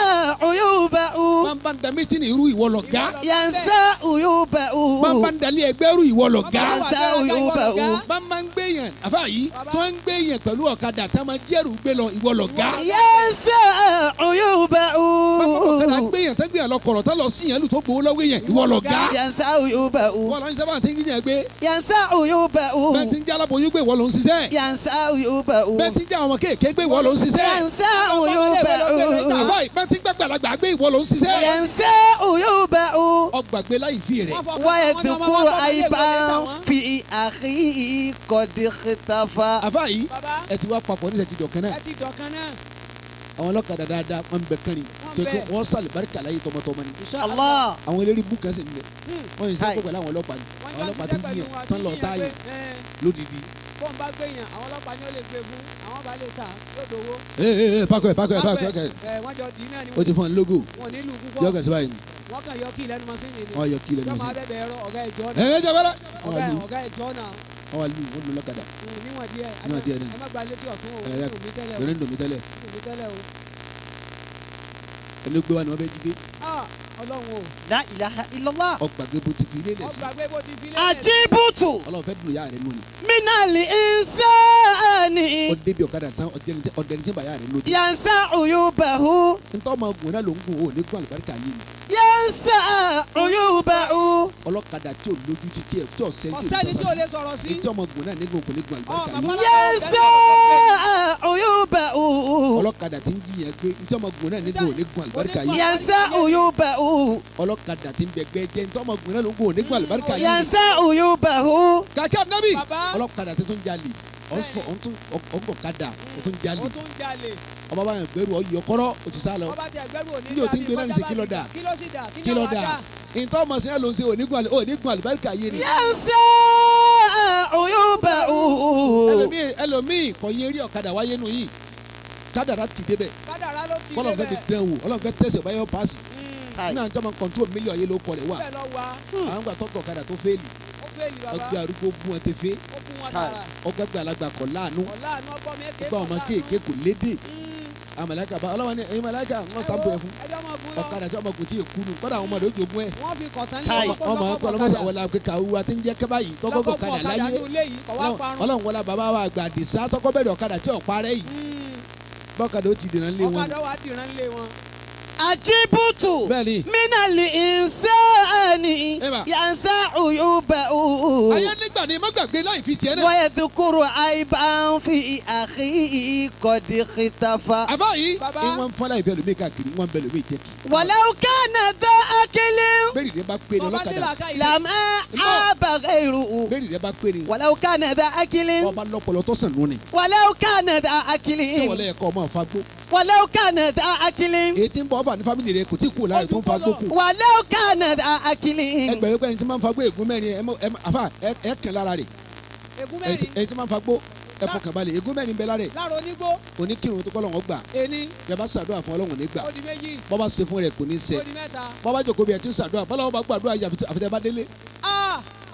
uyuba o. bàbá ń da mítí ni irú ìwọ lọ ga. yansa uyuba o. bàbá ń dalí ẹgbẹ́rú ìwọ lọ ga. yansa uyuba o. bàbá ń gbé yẹn àfáà yìí tó ń gbé yẹn yẹn pẹ̀lú ọ̀kadà tá a máa jẹ́rù gbé lọ ìwọ lọ̀gá. yẹ́sẹ̀ oyún bẹ́ o. báwo kò kẹ́ra gbé yẹn tẹ́gbẹ́ lọ kọ̀rọ̀ tá lọ sí yẹn lù tó gbowó lọ́wọ́ yẹn ìwọ lọ̀gá. yẹ́sẹ̀ oyún bẹ́ o. wọ́n lọ sí sábà tí yẹn gbé. yẹ́sẹ̀ oyún bẹ́ o. bẹ́ẹ̀ ti ń jẹ́ aláboyún gbé ìwọ ló ń ṣiṣẹ́. yẹ́sẹ̀ oyún bẹ́ o. bẹ́ẹ̀ ti ń àgbàlagbà gbé ìwọ ló ń ṣiṣẹ́. yẹnse òyò bẹ o. ọgbàgbé láì fi rẹ. wà á ti kúrò àyíká fi àkí kọ̀dí kìtàfà. àfa yìí ẹ ti wá papọ̀ níṣẹ́ ti dọ̀kan náà. ẹ ti dọ̀kan náà. àwọn ọlọ́kadà dáadáa wọn bẹ kán ni tẹ̀kọ́ wọn sàlẹ̀ barika láyé tọmọtọmọ ni. Allah. àwọn eléré bú kẹsẹ̀ nílẹ̀ wọ́n yìí sẹ́kọ̀ọ́ pẹ̀lú àwọn ọlọ́pàá ni àwọn ọlọ́pàá ti ń yàn tán lọ́ọ́ fóun bá gbé yàn àwọn ọlọ́pàá ni ó lè gbé fún àwọn bá lè tà lódòwó. ee eh, ee eh, eh, pakọ ẹ pakọ ẹ pakọ ẹ. ẹ wọn jọ dì í náà ni. o ti fún ọ lógo. wọn nílùú púpọ̀. yọkẹ síbáyé ni. wọn kàn yọ kí ilẹ̀ numu sí nìyí. wọn yọ kí ilẹ̀ numu sí. jọmọ abẹ́bẹ̀ ẹ̀rọ ọ̀gá ẹ̀jọ́ náà. ẹ jẹ́ bọ́lá. ọ̀gá ẹ̀jọ́ náà ọ wa lu wọn lu lọkada. níwọ̀n díẹ̀ ẹ má gba létí ọ̀tún o nínú mi tẹ́lẹ̀ o. ẹni gbé wa ni wọ́n fẹ́ jí gbé ọlọ́run o. la ilaha illallah. ọgbàgbé bó ti fi ilé lẹ̀ sí. ọgbàgbé bó ti fi ilé lẹ̀ sí. àjíbùtù. ọlọ́run fẹ́ dùn ìyá rẹ̀ nù ni. minali insani. ó débi ọ̀kadà tán ọ̀dẹni tí bàyá rẹ̀ lójú. yansa uyubahu. ntọ́ ma gùn náà ló ń gùn ó ní gún àlùbáríkà yìí ni. yansa uyubahu. ọlọ́kadà tí ò lójú ti tiẹ̀ tí ò sẹ́ni tí ò sọ́sọ́ sí. yansa uyubahu. ọlọ́kadà tí ń jiyàn gbé ìtọ́ ma gùn yansa uyu uyuba u. ọlọ́kadà ti ń bẹ̀gbẹ́ jẹ́ ní tọ́mọkùnrin náà ló ń gùn òní gbọ́n àlùbáríkà yìí. yansa uyuba u. kàkẹ́ ànábì ọlọ́kadà ti tún jalè ọ̀sọ̀ ọ̀gbọ̀kadà ó tún jalè ọba bá yàn gbẹrù ọyọ kọ́rọ́ ó ti sá lọ níbi ò ti ń gbé náà ní sè kí ló dà kí ló dà nǹkan ọmọ sí ẹ ló ń ṣe onígun àlùbáríkà yé ni. yansa uyuba u. ẹlòmíì ẹlòmíì kò yẹ rí ọ̀kadà wáyé nù yìí kádàrá ti débẹ̀ kọ́lọ̀ fẹ́ fi dẹ́wò ọlọ́run fẹ́ tẹ̀sẹ̀ paasi náà jọmọ control million yẹn ló kọ rẹ wa àwọn gbà tọkọ ọ̀kadà tó fẹ́ẹ̀lì ọgbẹ arúgbó gún ọ tẹfẹ o gbàlagbà kọ láàánú ọgbà ọmọ kéèké kò lédè amalaka hmm. ba ọlọ́wọ́ ni ẹ̀yin malaka ń sàn bọ̀ ẹ̀ fún ọ̀kadà tí ọmọ kò tí ì kú nù kọ́dà àwọn ọmọdé ojú ogun ẹ̀ ọmọ ẹ̀kọ́ ọlọ́mọsà wọlé akẹ́kẹ́ àwùwá tí ń jẹ́ kẹ́bà yìí tọ́kọ́ bọ̀ ọ̀kadà láyé ọlọ́run wọlé bàbá wa àgbà àdìsá tọ́kọ́ bẹ̀rẹ̀ ọ̀kadà tí ọ̀parẹ́ yìí hmm. bọ́kadà o ti dìran lé wọn. ọ̀kadà wa dìran lé wọn ajibutu minali insani yansa uyuba uhu. ayé nígbà ni má gbàgbé láì fi tiẹ̀ náà. wọ́n yẹ fi kúrò àìbá ń fi àkí kọ̀dí kìtàfà. àbá yìí ìwọ̀n fọlá ìfẹ́ lómi káàkiri ìwọ̀n bẹ́ẹ̀ lómi jẹ́ kí. wàlẹ́ o ká nà dá akele. bẹ́ẹ̀ni rẹ bá péré lọ́kadà. lamẹ́ abàgẹ́ irú. bẹ́ẹ̀ni rẹ bá péré. wàlẹ́ o ká nà dá wọ́n bá lọ́pọ̀lọ́ tó sàn o ká nà wàlẹ́ ó kànà dá akili. ètí ń bọ̀ ọ́fà ní fámìlì rẹ kò tí ì kú láàyè tó ń fagbó kù. wàlẹ́ ó kànà dá akili. ẹgbẹ́ yóò pẹ́ ẹni tí máa ń fagbó ègún mẹ́rin ẹ àfà ẹ kàn lára rẹ̀. ègún mẹ́rin ẹni tí máa ń fagbó ẹ fọkàn balẹ̀ ègún mẹ́rin bẹ lára rẹ̀. láàrọ̀ onígbó. oníkírun tó kọ́lọ́hún gbà. ẹni. bẹ́ẹ̀ bá fún ọlọ́run nígbà. ó méjì. bọ́ bá ṣe fún rẹ̀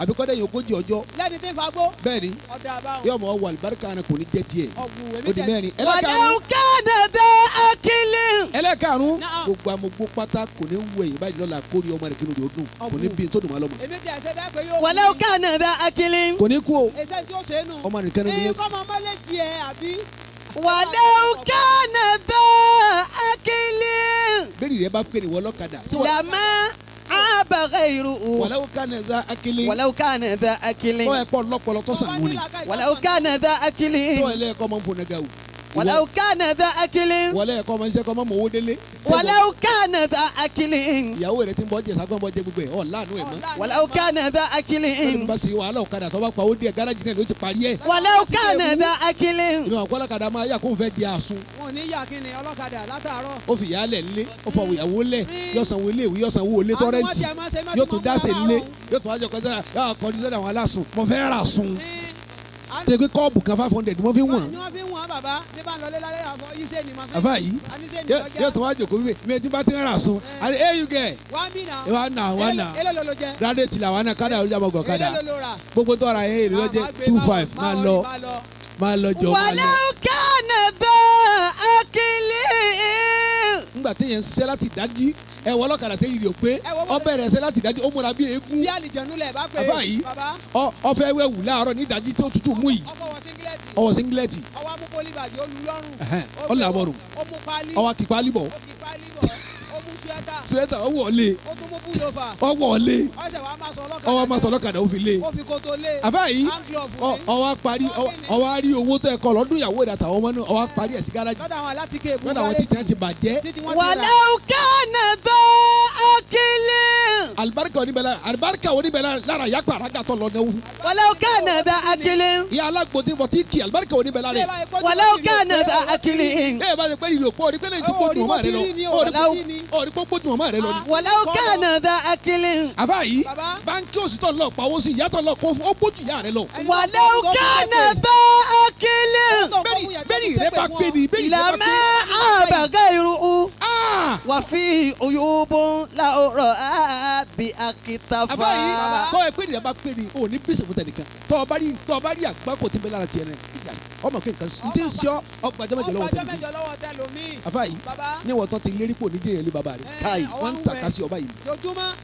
àbí kọ́dẹ̀ yìí ogójì ọjọ́. lẹ́ni tí fa gbó. bẹ́ẹ̀ni yóò mọ̀ wà àlùbáríkà rẹ̀ kò ní jẹ́ tiẹ̀. ó di mẹ́rin ẹlẹ́karùn. ẹlẹ́karùn gbogbo amogbo pátá kò ní wù ẹ̀yìn báyìí lọ́la kórè ọmọ rẹ̀ kí ni o dùn kò ní bí n tó dùn mọ́ lọ́mọ. wàlẹ́ o kàn náà bẹ akili. kò ní kú o ọmọ rẹ̀ kẹ́ni ní. wàlẹ́ o kàn náà bẹ akili. bẹ́ẹ̀ni rẹ̀ bá pè ní wọ́lọ́kadà. làmá àbà ghayru. wàlẹ́wò kánẹ̀ dá akili. wàlẹ́wò kánẹ̀ dá akili. tọ́ ẹ̀ pọ̀ lọ́pọ̀lọ́ tọ́sàn wuli. wàlẹ́wò kánẹ̀ dá akili wàlẹ́ o ká nà bẹ akili. wàlẹ́ ẹ̀kọ́ ọmọ iṣẹ́ kọ́ ọmọ mowó délé. wàlẹ́ o ká nà bẹ akili. ìyàwó rẹ ti ń bọ jẹ sagbọn bọ jẹ gbogbo ẹ ọ láàánú ẹ mọ. wàlẹ́ o ká nà bẹ akili. wọ́n bá sì wàhálà ọ̀kadà tó bá pa ó dé gáràjì náà ló ti parí ẹ̀. wàlẹ́ o ká nà bẹ akili. ìmọ̀ àwọn ọlọ́kadà máa yà kó n fẹ́ di àsun. wọn ò ní yà kí ni ọlọ́kadà látàárọ̀. ó fi yàálẹ̀ ńlé ó fọ ìyàwó lẹ̀ hmm. yọ̀sánwó ilé ìwé yọ̀sánwó ilé tọ́rẹ́ǹtì yóò tún dáṣe ńlé yóò tún wájú ọkọ̀ sẹ́dá àwọn aláṣun mo fẹ́ rà sun. Hmm. tẹ̀gbẹ́ kọ́ọ̀bù kan five hundred mo bàbá ní bá ń lọlé lálẹ́ àbọ̀ iṣẹ́ ni màá sẹ́yìn. àbá yìí yóò tó wá jòkó wíwé mi ò tí bá ti ń rà sun àti eyu gẹ̀. wá bí na wá na wá na dáadé tìlà wá na kádà olùjàmọ̀ gbọ̀ kádà gbogbo tó ra yẹn èrè lọ́jẹ́ two five máa lọ máa lọ jọ máa lọ. wàlẹ́ kánà bá akílì. ngbà téèyàn ń ṣiṣẹ́ láti dájí ẹ wọ ọlọ́kadà tẹ́yìn rí o pé ọbẹ̀ rẹ̀ ṣe láti dájú ó múra bí eégún. bí àlìjẹ̀nu lẹ̀ bá pé bàbá yìí ọfẹ́ wẹ̀wù ní ìdájí tó tutù mú yìí ọwọ́ singilẹ́tì. ọwọ́ amúkọ́líbàjẹ́ olùyọ́rùn. ọlọ́àbọ̀rù ọwọ́ kìpálíbọ̀. ó kìpálíbọ̀ suwẹ́tà ọwọ́ lé ọwọ́ lé ọwọ́ máa sọ ọlọ́kadà ó fi lé àbáyé ọwọ́ parí ọwọ́ á rí owó tó ẹ̀kọ́ lọ́dún ìyàwó ìdàtà ọmọ náà ọwọ́ parí ẹ̀sìn gáràjì lọ́dà àwọn títí àti bàjẹ́. wàlẹ́ òkè ni akílẹ̀. alibarika oníbẹ̀lẹ̀ ni oníbẹ̀lẹ̀ lára yàgbà àràgà tó lọ náwó. wàlẹ́ òkè nàbẹ́ akílẹ̀. ìyá alágbòde mọ̀ tí kì alibarika oníbẹ̀lẹ̀ rẹ̀. wàlẹ́ òkè nàbẹ́ akílẹ̀. ẹ bá ti pẹ́ ìlú òpó orí pẹ́lẹ́ ìtúkọ̀ kó ju màmá rẹ lọ ni. Ah, wọlé o kẹ́ ẹ̀ náà bẹ akílẹ̀. àbá yìí báńkì òsítọ́ lọ pa owó sí ìyàtọ̀ lọ kó fún ó kó ju ìyá rẹ lọ. wọlé o kẹ́ ẹ̀ náà bẹ akílẹ̀. bẹ́ẹ̀ni bẹ́ẹ̀ni rẹ bá gbé ni bẹ́ẹ̀ni rẹ bá gbé. ìlànà àbàgẹ́ irú u. Ah! wà fi oyún la ọ̀rọ̀ àbí akita fa. àbá yìí tọ́ ẹ pé ni rẹ bá gbé ni òní bí ọmọ kí nǹkan sí. n ti ń sọ ọgbàjọ mẹ́jọ lọ́wọ́ tẹlifí. ọgbàjọ mẹ́jọ lọ́wọ́ ni afa yìí ní wọ́tọ́ ti lérí pò ní jẹ́ ìyẹn lé bàbá rẹ̀ káyì wọ́n ń tàka sí ọba yìí.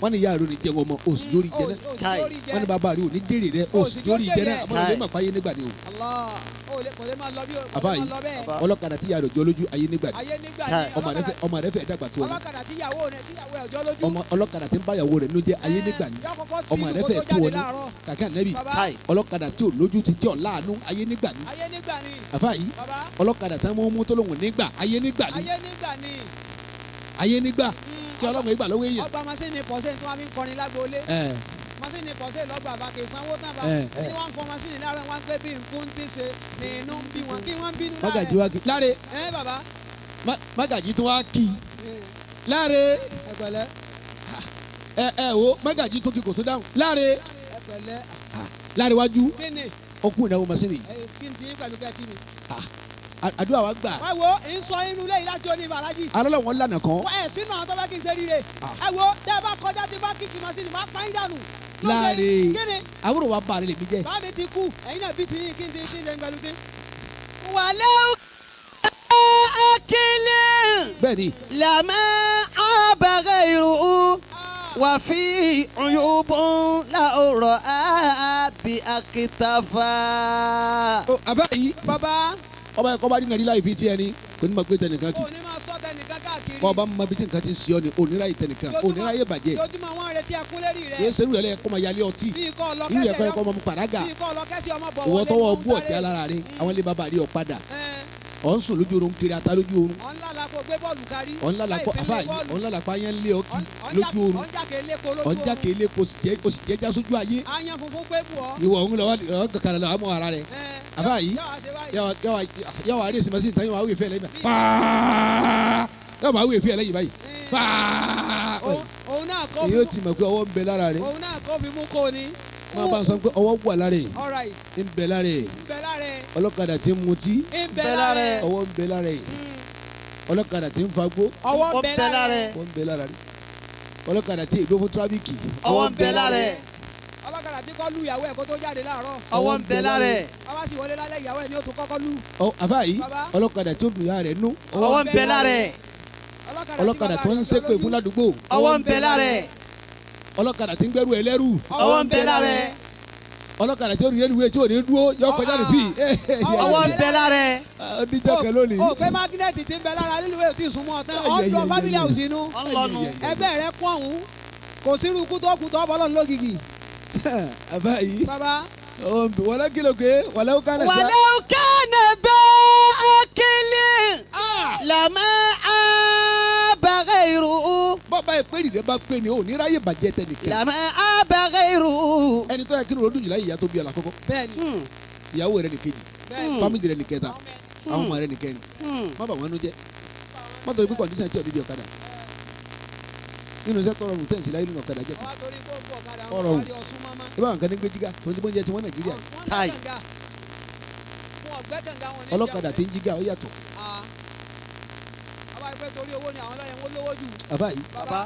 wọ́n ní ìyá rẹ̀ ò ní jẹ́ ọmọ oṣù lórí jẹ́ náà káyì wọ́n ní bàbá rẹ̀ ò ní jèrè rẹ̀ oṣù lórí jẹ́ náà àmọ́ ìwé màpáyé nígbà ni o àbá yìí ọlọ́kadà tí yàrá òjò lójú ayé nígbà yìí ọmọ rẹ fẹ́ dàgbà tó ọmọ ọlọ́kadà tí ń bá yàwó rẹ̀ ló jẹ́ ayé nígbà yìí ọmọ rẹ fẹ́ tó wọlé kàkẹ́ ànẹ́bì ọlọ́kadà tí ò lójú ti jẹ́ ọ̀láàánú ayé nígbà yìí àbá yìí ọlọ́kadà tí wọ́n mú tó lóhùn nígbà ayé nígbà yìí ayé nígbà tí hmm. ọlọ́run ìgbà lówó èèyàn. ọgbà máa ṣe ni pọ̀ṣẹ́ tí wọ́n fi ń kọrin lágbo ilé mọ́sìnì pọ̀sẹ̀ lọ́gbà bá sanwó tán bá tí wọ́n ń fọ wọn pé bí nǹkan ti ṣe ni bí wọn kí wọ́n bínú láàrẹ̀. mágàjì wa kì í láre. ẹ bàbá. mágàjì tó wá kì í láre. ẹ pẹ̀lẹ́. ẹ wo mágàjì tó kì kò tó dáhùn láre. ẹ ah, láre wájú. kí ni. ó kú ìnáwó mọ́sìnì. kí ni ti pẹ̀lú kẹ́kí ni. Ah àdúrà wa gbà. ẹ wo ìsọ inú ilé ìdájọ́ ní ìbàlájì. alọ́lọ́ wọn lànà kan. ẹ sínú àwọn tó bá kí ṣe rire. Ah. ẹ wo tẹ́ ẹ bá kọjá tí bá kíkì mọ́ sí máa pa yín dànù. láàrin àwòrò wa bá a lè mi jẹ. bá mi ti kú ẹ̀yin náà bí ti yín kí n ti kí n lè gbẹlú dé. wàlẹ́ akílẹ̀. bẹ́ẹ̀ni. làmẹ́ àbẹ̀rẹ̀ ìrù wàfi ìyóbùn làwòrán àbí akitafa. àbá yìí. bàbá ọba ẹ̀kọ́ bá dín nàrí láì fi tiẹ̀ ni kò ní ma gbé tẹnìkan kì. òní máa sọ tẹnìkan káàkiri. kọ́ ọba mọ bí tí nǹkan ti ń sọ ni òní ráyè tẹnìkan òní ráyè bàjẹ́. lójúmọ̀ wọn retí akúlérì rẹ. yéé serú ẹlẹ́yẹ kọ́ ma yálé ọtí. irú ẹ̀kọ́ ẹ̀kọ́ ọmọ mu pàdágà. ìwọ tọwọ́ bú ọ̀tí alára rẹ àwọn ilé bàbá rí ọ padà ọ̀ ń sùn lójú oorun kiri ata lójú oorun. ọ̀ gbé bọ́ọ̀lù kárí. ọ̀ ń lálà kó afa ọ̀ ń lálà kó ayan lé ọ kì lójú oorun. ọ̀ ń jáke lé kó o sì jẹ́já sójú ayé. ayan funfun pé bù ọ́. ìwọ òun lọ́wọ́ kankan lọ́wọ́ mọ́ ara rẹ̀. afa eh, yìí yàwá rí èsì mẹ́sìn tán yàwá wí fẹ́ lẹ́yìn báyìí. yàwá wí fẹ́ lẹ́yìn báyìí. Eh. òun náà kọ́ fi mú kó ni máa bá a sọ pé ọwọ́ wà lára ẹ̀ ń bẹ lára ẹ̀ ọlọ́kadà tí ń mutí ń bẹ lára ẹ̀ ọwọ́ ń bẹ lára ẹ̀ ọlọ́kadà tí ń fagbó ọwọ́ ń bẹ lára ẹ̀ ọwọ́ ń bẹ lára ẹ̀ ọlọ́kadà tí èdè fún ọwọ́ ń bẹ lára ẹ̀ ọlọ́kadà tí kọ́ lu ìyàwó ẹ̀ kó tó jáde láàárọ̀ ọwọ́ ń bẹ lára ẹ̀ ọba sì wọlé lálẹ́ ìyàwó ẹ̀ ni ó tún kọ́kọ́ lu. àbáyé ọlọ́kadà tí obìnrin rẹ̀ nú ọwọ́ ń bẹ lára ẹ̀ ọlọ́kadà tó ń ṣépè fún ọwọ́ ń bẹ lára ẹ̀ ọlọ́kadà tí ń gbẹ́rù ẹlẹ́rù. ọwọ́ ń bẹ lára ẹ. ọlọ́kadà tí ó rìn rélùwé tí ò ní dúró yọ kọjá ní fi. ọwọ́ ń bẹ lára ẹ. Ah, ó ní jẹ́kẹ̀ o pé magnet ti ń bẹ lára rélùwé ti sùn mọ́ ọ̀tán ọ̀dọ̀ family house inú. ẹgbẹ́ rẹ kún ọ̀hún kò sírú kútókù tó bọ́lọ̀ lógìgì. bàbá yìí wọlé wọlé ó wọlé ó kánà abẹ́rẹ́ irú. bọ́ba ẹ pé ìrẹ́ bá pé ni ò ní ráyè bàjẹ́ tẹnìkan. làmẹ́ abẹ́rẹ́ irú. ẹni tó yẹ kí ló dùn jùlọ ìyá tó bí ọ̀la kọ́kọ́. bẹ́ẹ̀ni. Hmm. ìyàwó rẹ nìkejì hmm. fámìlì rẹ nìkẹta àwọn ọmọ rẹ nìkẹrin hmm. má bà wọn nú jẹ má torí pé kọ̀ǹdíṣàn tí ò níbi ọ̀kadà nínú sẹ́kọ̀ ọ̀rọ̀ tẹ̀ sí láyé nínú ọ̀kadà jẹ́ ọ̀rọ̀ wù ibà nǹkan ní gbé jíga tó ń jí bọ́ńjẹ tí wọ́n nàìjíríà yìí ọlọ́kadà tí ń jíga ó yàtọ̀ ah pé torí owó ni àwọn ọlọ́yẹ wọn lówó jù. bàbá yìí bàbá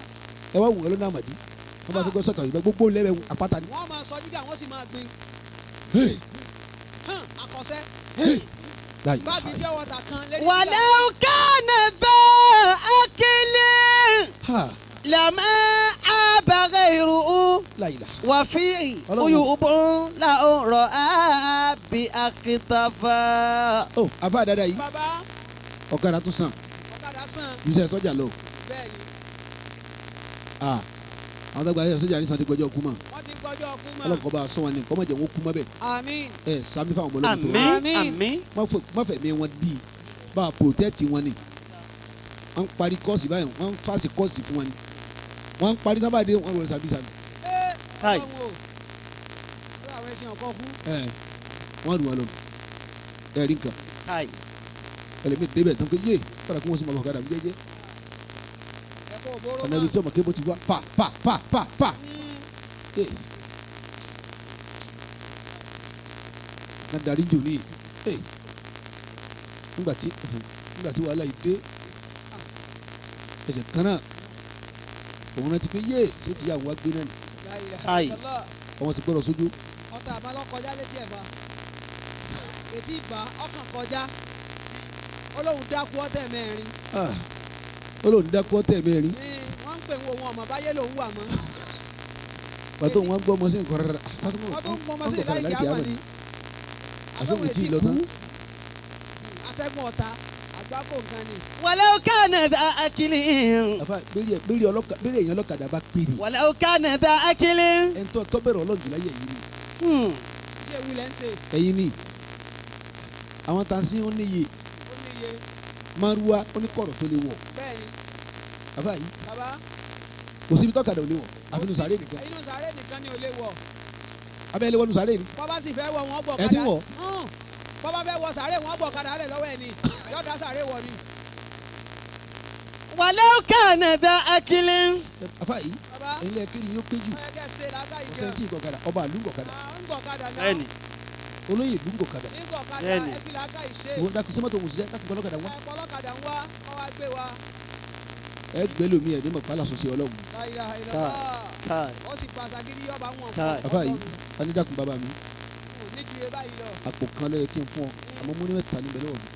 ẹ wá wùn ẹ lọ́nà àmàdí wọn bá fi ah. gbọ́ sọ̀kà yìí gbogbo lẹ́rẹ̀ àpáta ni. wọ́n máa sọ jíjà wọ́n sì máa gbin. àkọsẹ́. báàgì bí ọwọ́ ta kan lẹ́yìn. wàlẹ́ òkè nìbẹ́ akílẹ̀ lẹ́mẹ́ abẹ́rẹ́ irú wàfí oyún ọbọ̀ làwọn rọ̀ á bí akitafa. ó oh, àfa dáadáa yìí ọ̀kadà tún sàn iṣẹ́ sọ́jà lọ. bẹ́ẹ̀ni. àwọn dàgbà iṣẹ́ sọ́jà nísàn ti gbọ́jọ́ kú mọ́. wọ́n ti gbọ́jọ́ kú mọ́. ọlọ́kọ̀ bá a sọ wọn ni kọ́ mọ̀ jẹ́ wọn kú mọ́ bẹ́ẹ̀. àmín. ẹ sami fáwọn ọmọlọ́wọ́ tó wọn. àmín àmín. má fẹ̀mí wọn di bá a protect wọn ni. wọ́n ń parí kọ́ọ̀sì báyìí wọ́n ń fásì kọ́ọ̀sì fún wọn ni. wọ́n ń parí tábàdé wọn wọlé sàbí sàbí. ẹ wọ́n rù wọn lọ ẹ̀rí nǹkan ẹlẹ́mìí débẹ̀ tán pé yé kọ́ra kí wọ́n sì máa bọ̀ ọ̀kadà mi jẹ́jẹ́ ọ̀nà ibi tí ọmọ kébò ti wá pa pa pa pa pa. Mm. Eh. na darí jò ní nígbà tí nígbà tí wàhálà yìí dé ẹsẹ̀ kan náà òun náà ti pé yé tó ti yà wá gbé náà ayi ọmọ ti gbọ́dọ̀ sójú. ọ̀tá àbálọ́ kọjá létí ẹ̀ bá ètí ìbá ọkàn kọjá. Ọlọ́run dákú ọ̀tẹ̀ mẹ́rin. Ah, Ọlọ́run dákú ọ̀tẹ̀ mẹ́rin. Eh, wọ́n ń pè wọ́n wọn ọmọ báyé lòun wà mọ́. pàtó wọn gbọ́ ọmọ sí nǹkan rárá sátúmọ̀ wọn kò kàrà láì kí á mọ̀ ní. àfẹ́wọ̀n ti lọ tán. atẹ́gùn ọ̀tá àgbákò nǹkan ni. wàlẹ́ o ká nà bá akílì. àfa béèrè béèrè ọlọ́kà béèrè èèyàn ọlọ́kadà bá péré. wàlẹ́ o ká nà bá akílì. ẹ̀ ń tọ́ tọ́bẹ̀rẹ̀ ọlọ́jùlá yẹ̀ yìí ni. Hmm. ṣé ewu lẹ́ ń ṣe. ẹ̀yin ni àwọn tansi ń níye márúwá ó ní kọ̀rọ̀ tó lè wọ̀. bẹ́ẹ̀ni. bàbá yìí. bàbá. kò síbi tọ́kadà ò lè wọ̀ àfi inú sàárè nìkan. inú sàárè nìkan ni ò lè wọ̀. abẹ́ ilé wọ inú sàárè ni. bọ́bá sì fẹ́ wọ wọn gbọ̀ kadà. ẹ ti wọ̀. bọ́bá fẹ́ wọ sàárè wọn gbọ̀ kadà rẹ̀ lọ́wọ́ ẹ̀ ni yọ̀dá sàárè wọ ni. wàlẹ́ òkè ànàdà akílẹ̀. bàbá yìí ẹ̀yin lẹ́ẹ̀kiri yóò péjú ọ̀sẹ̀ tí ì olóyè ìlú ngò kadà bẹ́ẹ̀ni wọn dàkú sọmọtò wò sísẹ dàkú kọlọkadà wá kọlọkadà wá ọwọ gbé wa. ẹ gbẹ lomi ẹ ní mọ pàlà sọsẹ Ọlọ́run. káà ó sì pàṣẹ gidi yọba wọn. bàbá yìí anídàkùn bàbá mi àpò kan ló yẹ kí n fún ọ àmọ́ mo ní mẹ́ta níbẹ̀ lọ́wọ́ mi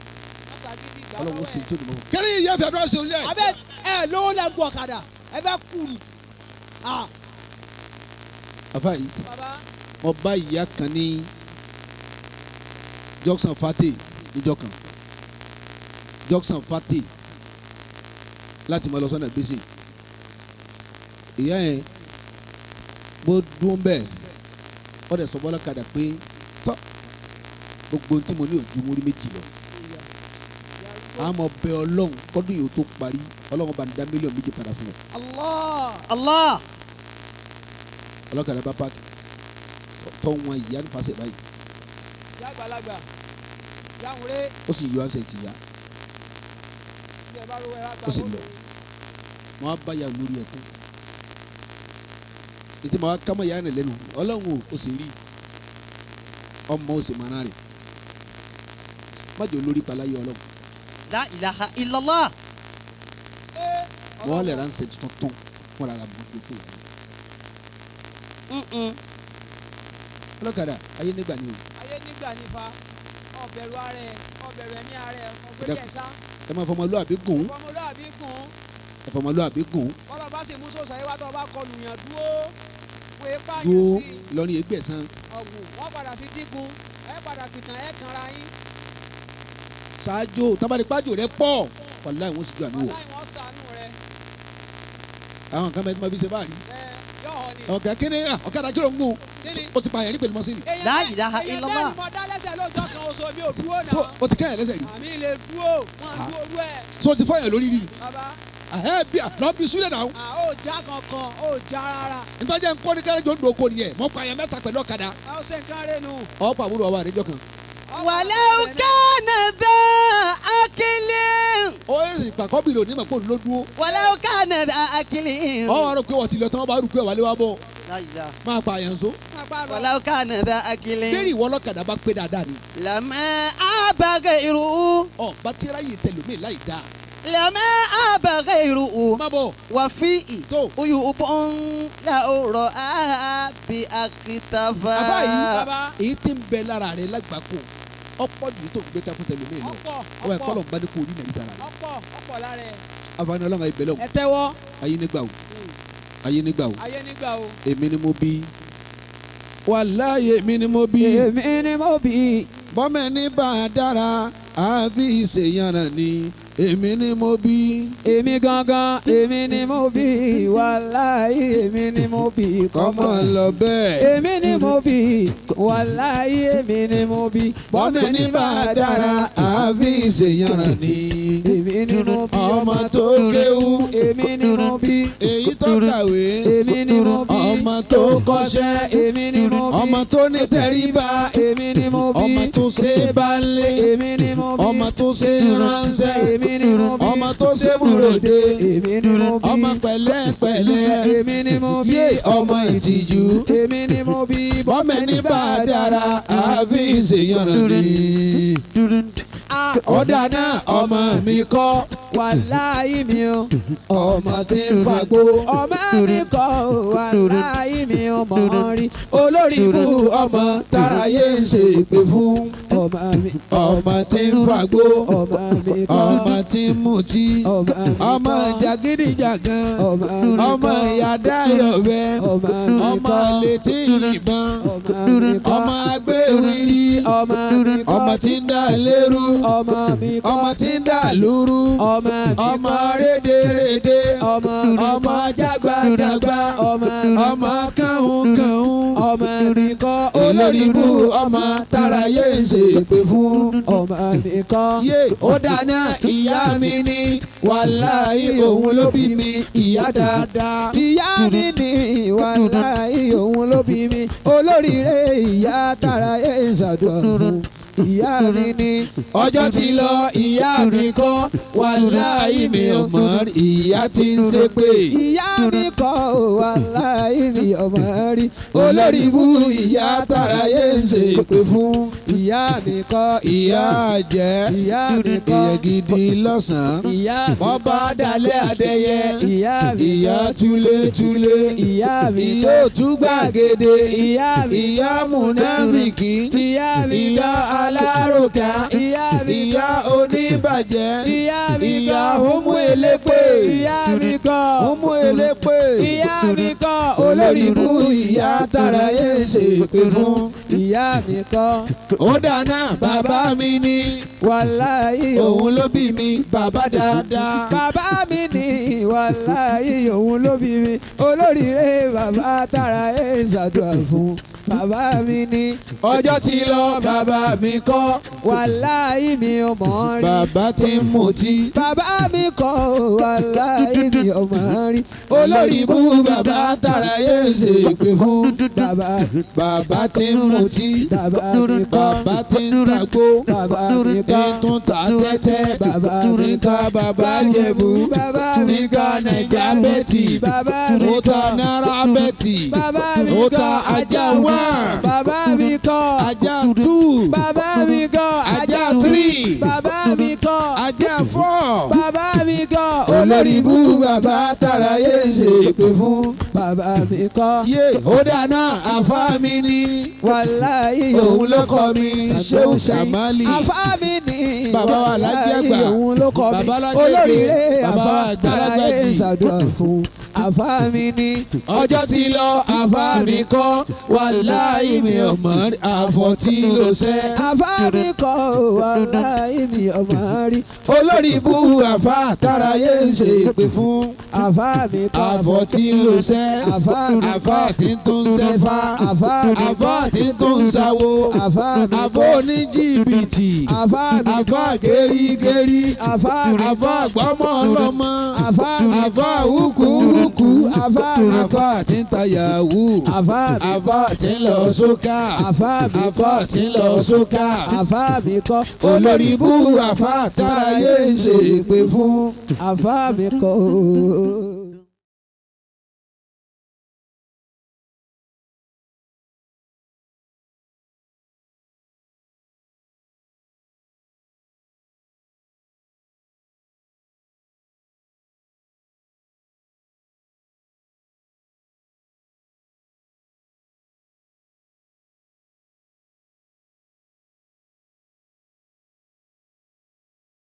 Ọlọ́run ó sì tó dùn mọ. kẹ́rì yìí yẹ fẹ́ dúró sí olùyẹ. abẹ ẹ lówó lẹ gun ọ̀kadà ẹ fẹ́ kúrú. àfáà bá ìyá kan ní. Jackson Fati níjọ́ kan Jackson Fati láti máa lọ sọ́nà bísí ìyá yẹn bó dún bẹ́ẹ̀ wọ́n dẹ̀ sọ bọ́lá kadà pé tọ́ gbogbo tí mo ní òjú mórí méjì lọ àmọ́ bẹ ọlọ́run kọ́dún yóò tó parí ọlọ́run bá ní dá mílíọ̀nù méjì padà fún ọ. Allah Allah. ọlọ́kadà bá páàkì tọ́ wọn ìyá nípasẹ̀ báyìí. ìyá àgbàlagbà ó sì yọ àṣẹ tìyà ó sì lọ wọn á bá ya lórí ẹkún ètò màá kámọ ìyá rẹ lẹ́nu Ọlọ́run ó sì rí ọmọ ó sì mọ ara rẹ májò lórí palayé Ọlọ́run. la ilaha illallah. wọ́n lè ránṣẹ́ tuntun fúnra la burúkú fún yàrá. ọlọ́kadà ayé nígbà ni o. ayé nígbà ni fa bẹ̀rù ara ẹ̀ mọ bẹ̀rù ẹ̀mí ara ẹ̀ mọ gbé jẹ̀sà. ẹ máa fọmọlúwàbí gùn. fọmọlúwàbí gùn. ẹ fọmọlúwàbí gùn. bọ́lá bá sì mú sọ̀sọ̀ yìí wá tó bá kọlù yàn dúró pé pààyàn sí. dúró lọ́rin ẹgbẹ̀sán. ọ̀gùn wọ́n padà fi dígun ẹ padà fìtàn ẹ kanra yín. ṣáájú tábàdìpájò rẹ pọ̀ wàlá ìwọ̀n sì jù àná wò. àwọn kan bẹ tí wọ́n fi ṣe o ti pààyàn rí pẹ̀lú mọ́sìnì. láàyè dáhà ilọ́wà. èyàn bẹ́ẹ̀ so o ti kẹ́yàn lẹ́sẹ̀ rí. Ah. so o ti fọyàn lórí rí. ẹ bí lọ bí súlẹ̀ náà. a ò já kankan ò já rárá. ntọ́jà ń kọ́ ní kẹ́rẹ́jọ́ ń dòkó nìyẹn mọ pààyàn mẹ́ta pẹ̀lú ọ̀kadà. ọ̀ pàbúrò wa wà níjọ́ kan. wàlẹ́ kánà bẹ́ẹ̀ akílẹ̀. ó yẹ ìgbàgbọ́ bìrì òní mọ̀ pé òun ló dúró. wàlẹ́ kánà bẹ́ẹ̀ akílẹ̀. ọ̀ wà rò pé wọ́n ti lọ tán wọ́n bá rò pé máa pa àyàn so. wàlá ó kà ní bá akílẹ̀. bẹ́ẹ̀ni ìwọ ọlọ́kadà bá pé dáadáa ni. lẹ́mẹ̀ àbàgẹ́ irú. ọ bàtírà yìí tẹlomi láì dáa. lẹ́mẹ̀ àbàgẹ́ irú. má bọ̀. wà fi ì. tó uyu bọ́n la ó rọ áhà bí akitafa. bàbá yìí bàbá èyí tí ń bẹ lára rẹ lágbàkó ọ̀pọ̀ yìí tó ń gbé káfíńtà lómi lọ ọwọ ẹkọ lọ ń bá ní kó orí nàìjíríà rẹ. ọ̀pọ̀ ọ̀pọ̀ lára ẹ. àfààní ọlọ́run ayé bẹ̀lẹ̀ o. ẹ tẹ́wọ́. ayé nígbà o ayé nígbà wo ayé nígbà wo èmi ni mo bí wàláyé èmi ni mo bí èmi ni mo bí bọ́mẹ̀ ní bá a dára àfi ìṣèyànnà ni èmi ni mo bí. èmi gangan èmi ni mo bí wàláyé èmi ni mo bí. kọ́mọ lọ bẹ́ẹ̀. èmi ni mo bí wàláyé èmi ni mo bí. bọ́mẹ ní bá dára àáfi ìṣèyànràn ni. èmi ni mo bí. ọmọ tó kéwú. èmi ni mo bí. èyí tó kàwé. èmi ni mo bí. ọmọ tó kọ́ṣẹ́. èmi ni mo bí. ọmọ tó ní tẹríba. èmi ni mo bí. ọmọ tó ṣe bá lé. èmi ni mo bí. ọmọ tó ṣe ránṣẹ́. èmi èmi ni mo bí. ọmọ tó sèmúròde èmi ni mo bí. ọmọ pẹ̀lẹ́pẹ̀lẹ́ èmi ni mo bí. yé ọmọ ìtìjú èmi ni mo bí. bọ́mẹ̀ ní bá a dára àfi ìṣèyàn rí. ọ̀dà ọmọ mi kọ́ wàláyé mi o. ọmọ tí ń fagbó. ọmọ mi kọ́ wàláyé mi ọmọ rí olórí ibú ọmọ táráyé ń ṣe ìpè fún ọmọ tí ń fàgbó ọmọ tí ń mutí ọmọ jàgídíjàgan ọmọ ìyá aláyọ̀bẹ ọmọ létí ìbọn ọmọ agbéwìrì ọmọ tí ń dà lérú ọmọ tí ń dà lúrú ọmọ rédèrèdè ọmọ jágbàjàgbà ọmọ kàhùnkàhùn olóríbù ọmọ tara yé ń ṣe pé fún ọmọ nìkan yé ó dáná ìyá mi ni wàláhí òun ló bí mi ìyá dáadáa. ìyá dídì ìwà láì òun ló bí mi olóríire ìyá tara ẹ̀ ń ṣàdúrà fún ìyá mi ni ọjọ́ ti lọ ìyá mi kọ́ wàláì mi ò mọ̀ rí ìyá ti ń ṣe pé. ìyá mi kọ́ ò wàláì mi ò mọ̀ rí olórí ibú ìyá tara yé ń ṣe pé fún. ìyá mi kọ́ ìyá àjẹ́ ìyá ìyẹ́ gidi lọ́sàn-án ìyá mi kọ́ bọ́bá dalẹ̀ adẹ́yẹ ìyá mi kọ́ ìyá túlétúlé ìyá mi kọ́ ìyá òtúgbàgede ìyá mi kọ́ aláròkà ìyá oníbàjẹ́ ìyá ọmú elépè ọmú elépè olórí ibú ìyá tara yé ṣe pé fún. ìyá mi kọ́. ó dáná bàbá mi ni. wàláyé òun ló bí mi bàbá dáadáa. bàbá mi ni wàláyé òun ló bí mi olórí rẹ̀ bàbá tara yé ṣàdúrà fún bàbá mi ni ọjọ́ ti lọ bàbá mi kọ́ wàláì mi ò mọ̀ rí. bàbá ti mú ti. bàbá mi kọ́ wàláì mi ò mọ̀ rí. olórí bú bàbá tààrà yé ṣe ìpè fún. bàbá bàbá ti mú ti. bàbá mi kọ́ bàbá ti ń tagbó. bàbá mi kọ́ títún ta tẹ́tẹ́. bàbá mi kọ́ bàbá jẹ̀bú. bàbá mi kọ́ nàìjà bẹ́tì. bàbá mi kọ́ ó ta náírà bẹ́tì. bàbá mi kọ́ ajá wá. Baba mi kọ́. Ajá two. Baba mi kọ́. Ajá three. Baba mi kọ́. Ajá four. Baba mi kọ́. Olórí ibú Baba tara yé ṣe pé fún. Bàbá mi kọ́. Yé ó dáná àfá mi ni. Wàláyé òun ló kọ́ mi. Ṣéun Ṣàmálì. Àfá mi ni. Baba wa lájẹ́ gbà. Wàláyé òun ló kọ́ mi. Bàbá lájẹ́ gbé. Bàbá wa Olórí ibú bàbá tara yé ṣàdúrà fún àfa mi ni ọjọ́ ti lọ àfa mi kọ́ wàláhì mi ọmọ àfọ̀tí ló sẹ́. àfa mi kọ́ wàláhì mi ọmọ rí. olórí ibú àfa táráyé ń ṣe ìpè fún. àfa mi kọ́ àfọ̀tí ló sẹ́. àfa tí tó ń sẹ́fà. àfa tí tó ń sáwó. àfa oníjìbìtì. àfa gẹ́rígẹ́rí. àfa gbọ́mọ ọlọ́mọ. àfa wúkúrú burúkú àfa àfa tí ń ta yahoo àfa tí ń lọ sókà àfa tí ń lọ sókà àfa mi kọ́ olórí bú àfa tára yé ń ṣe ìpè fún àfa mi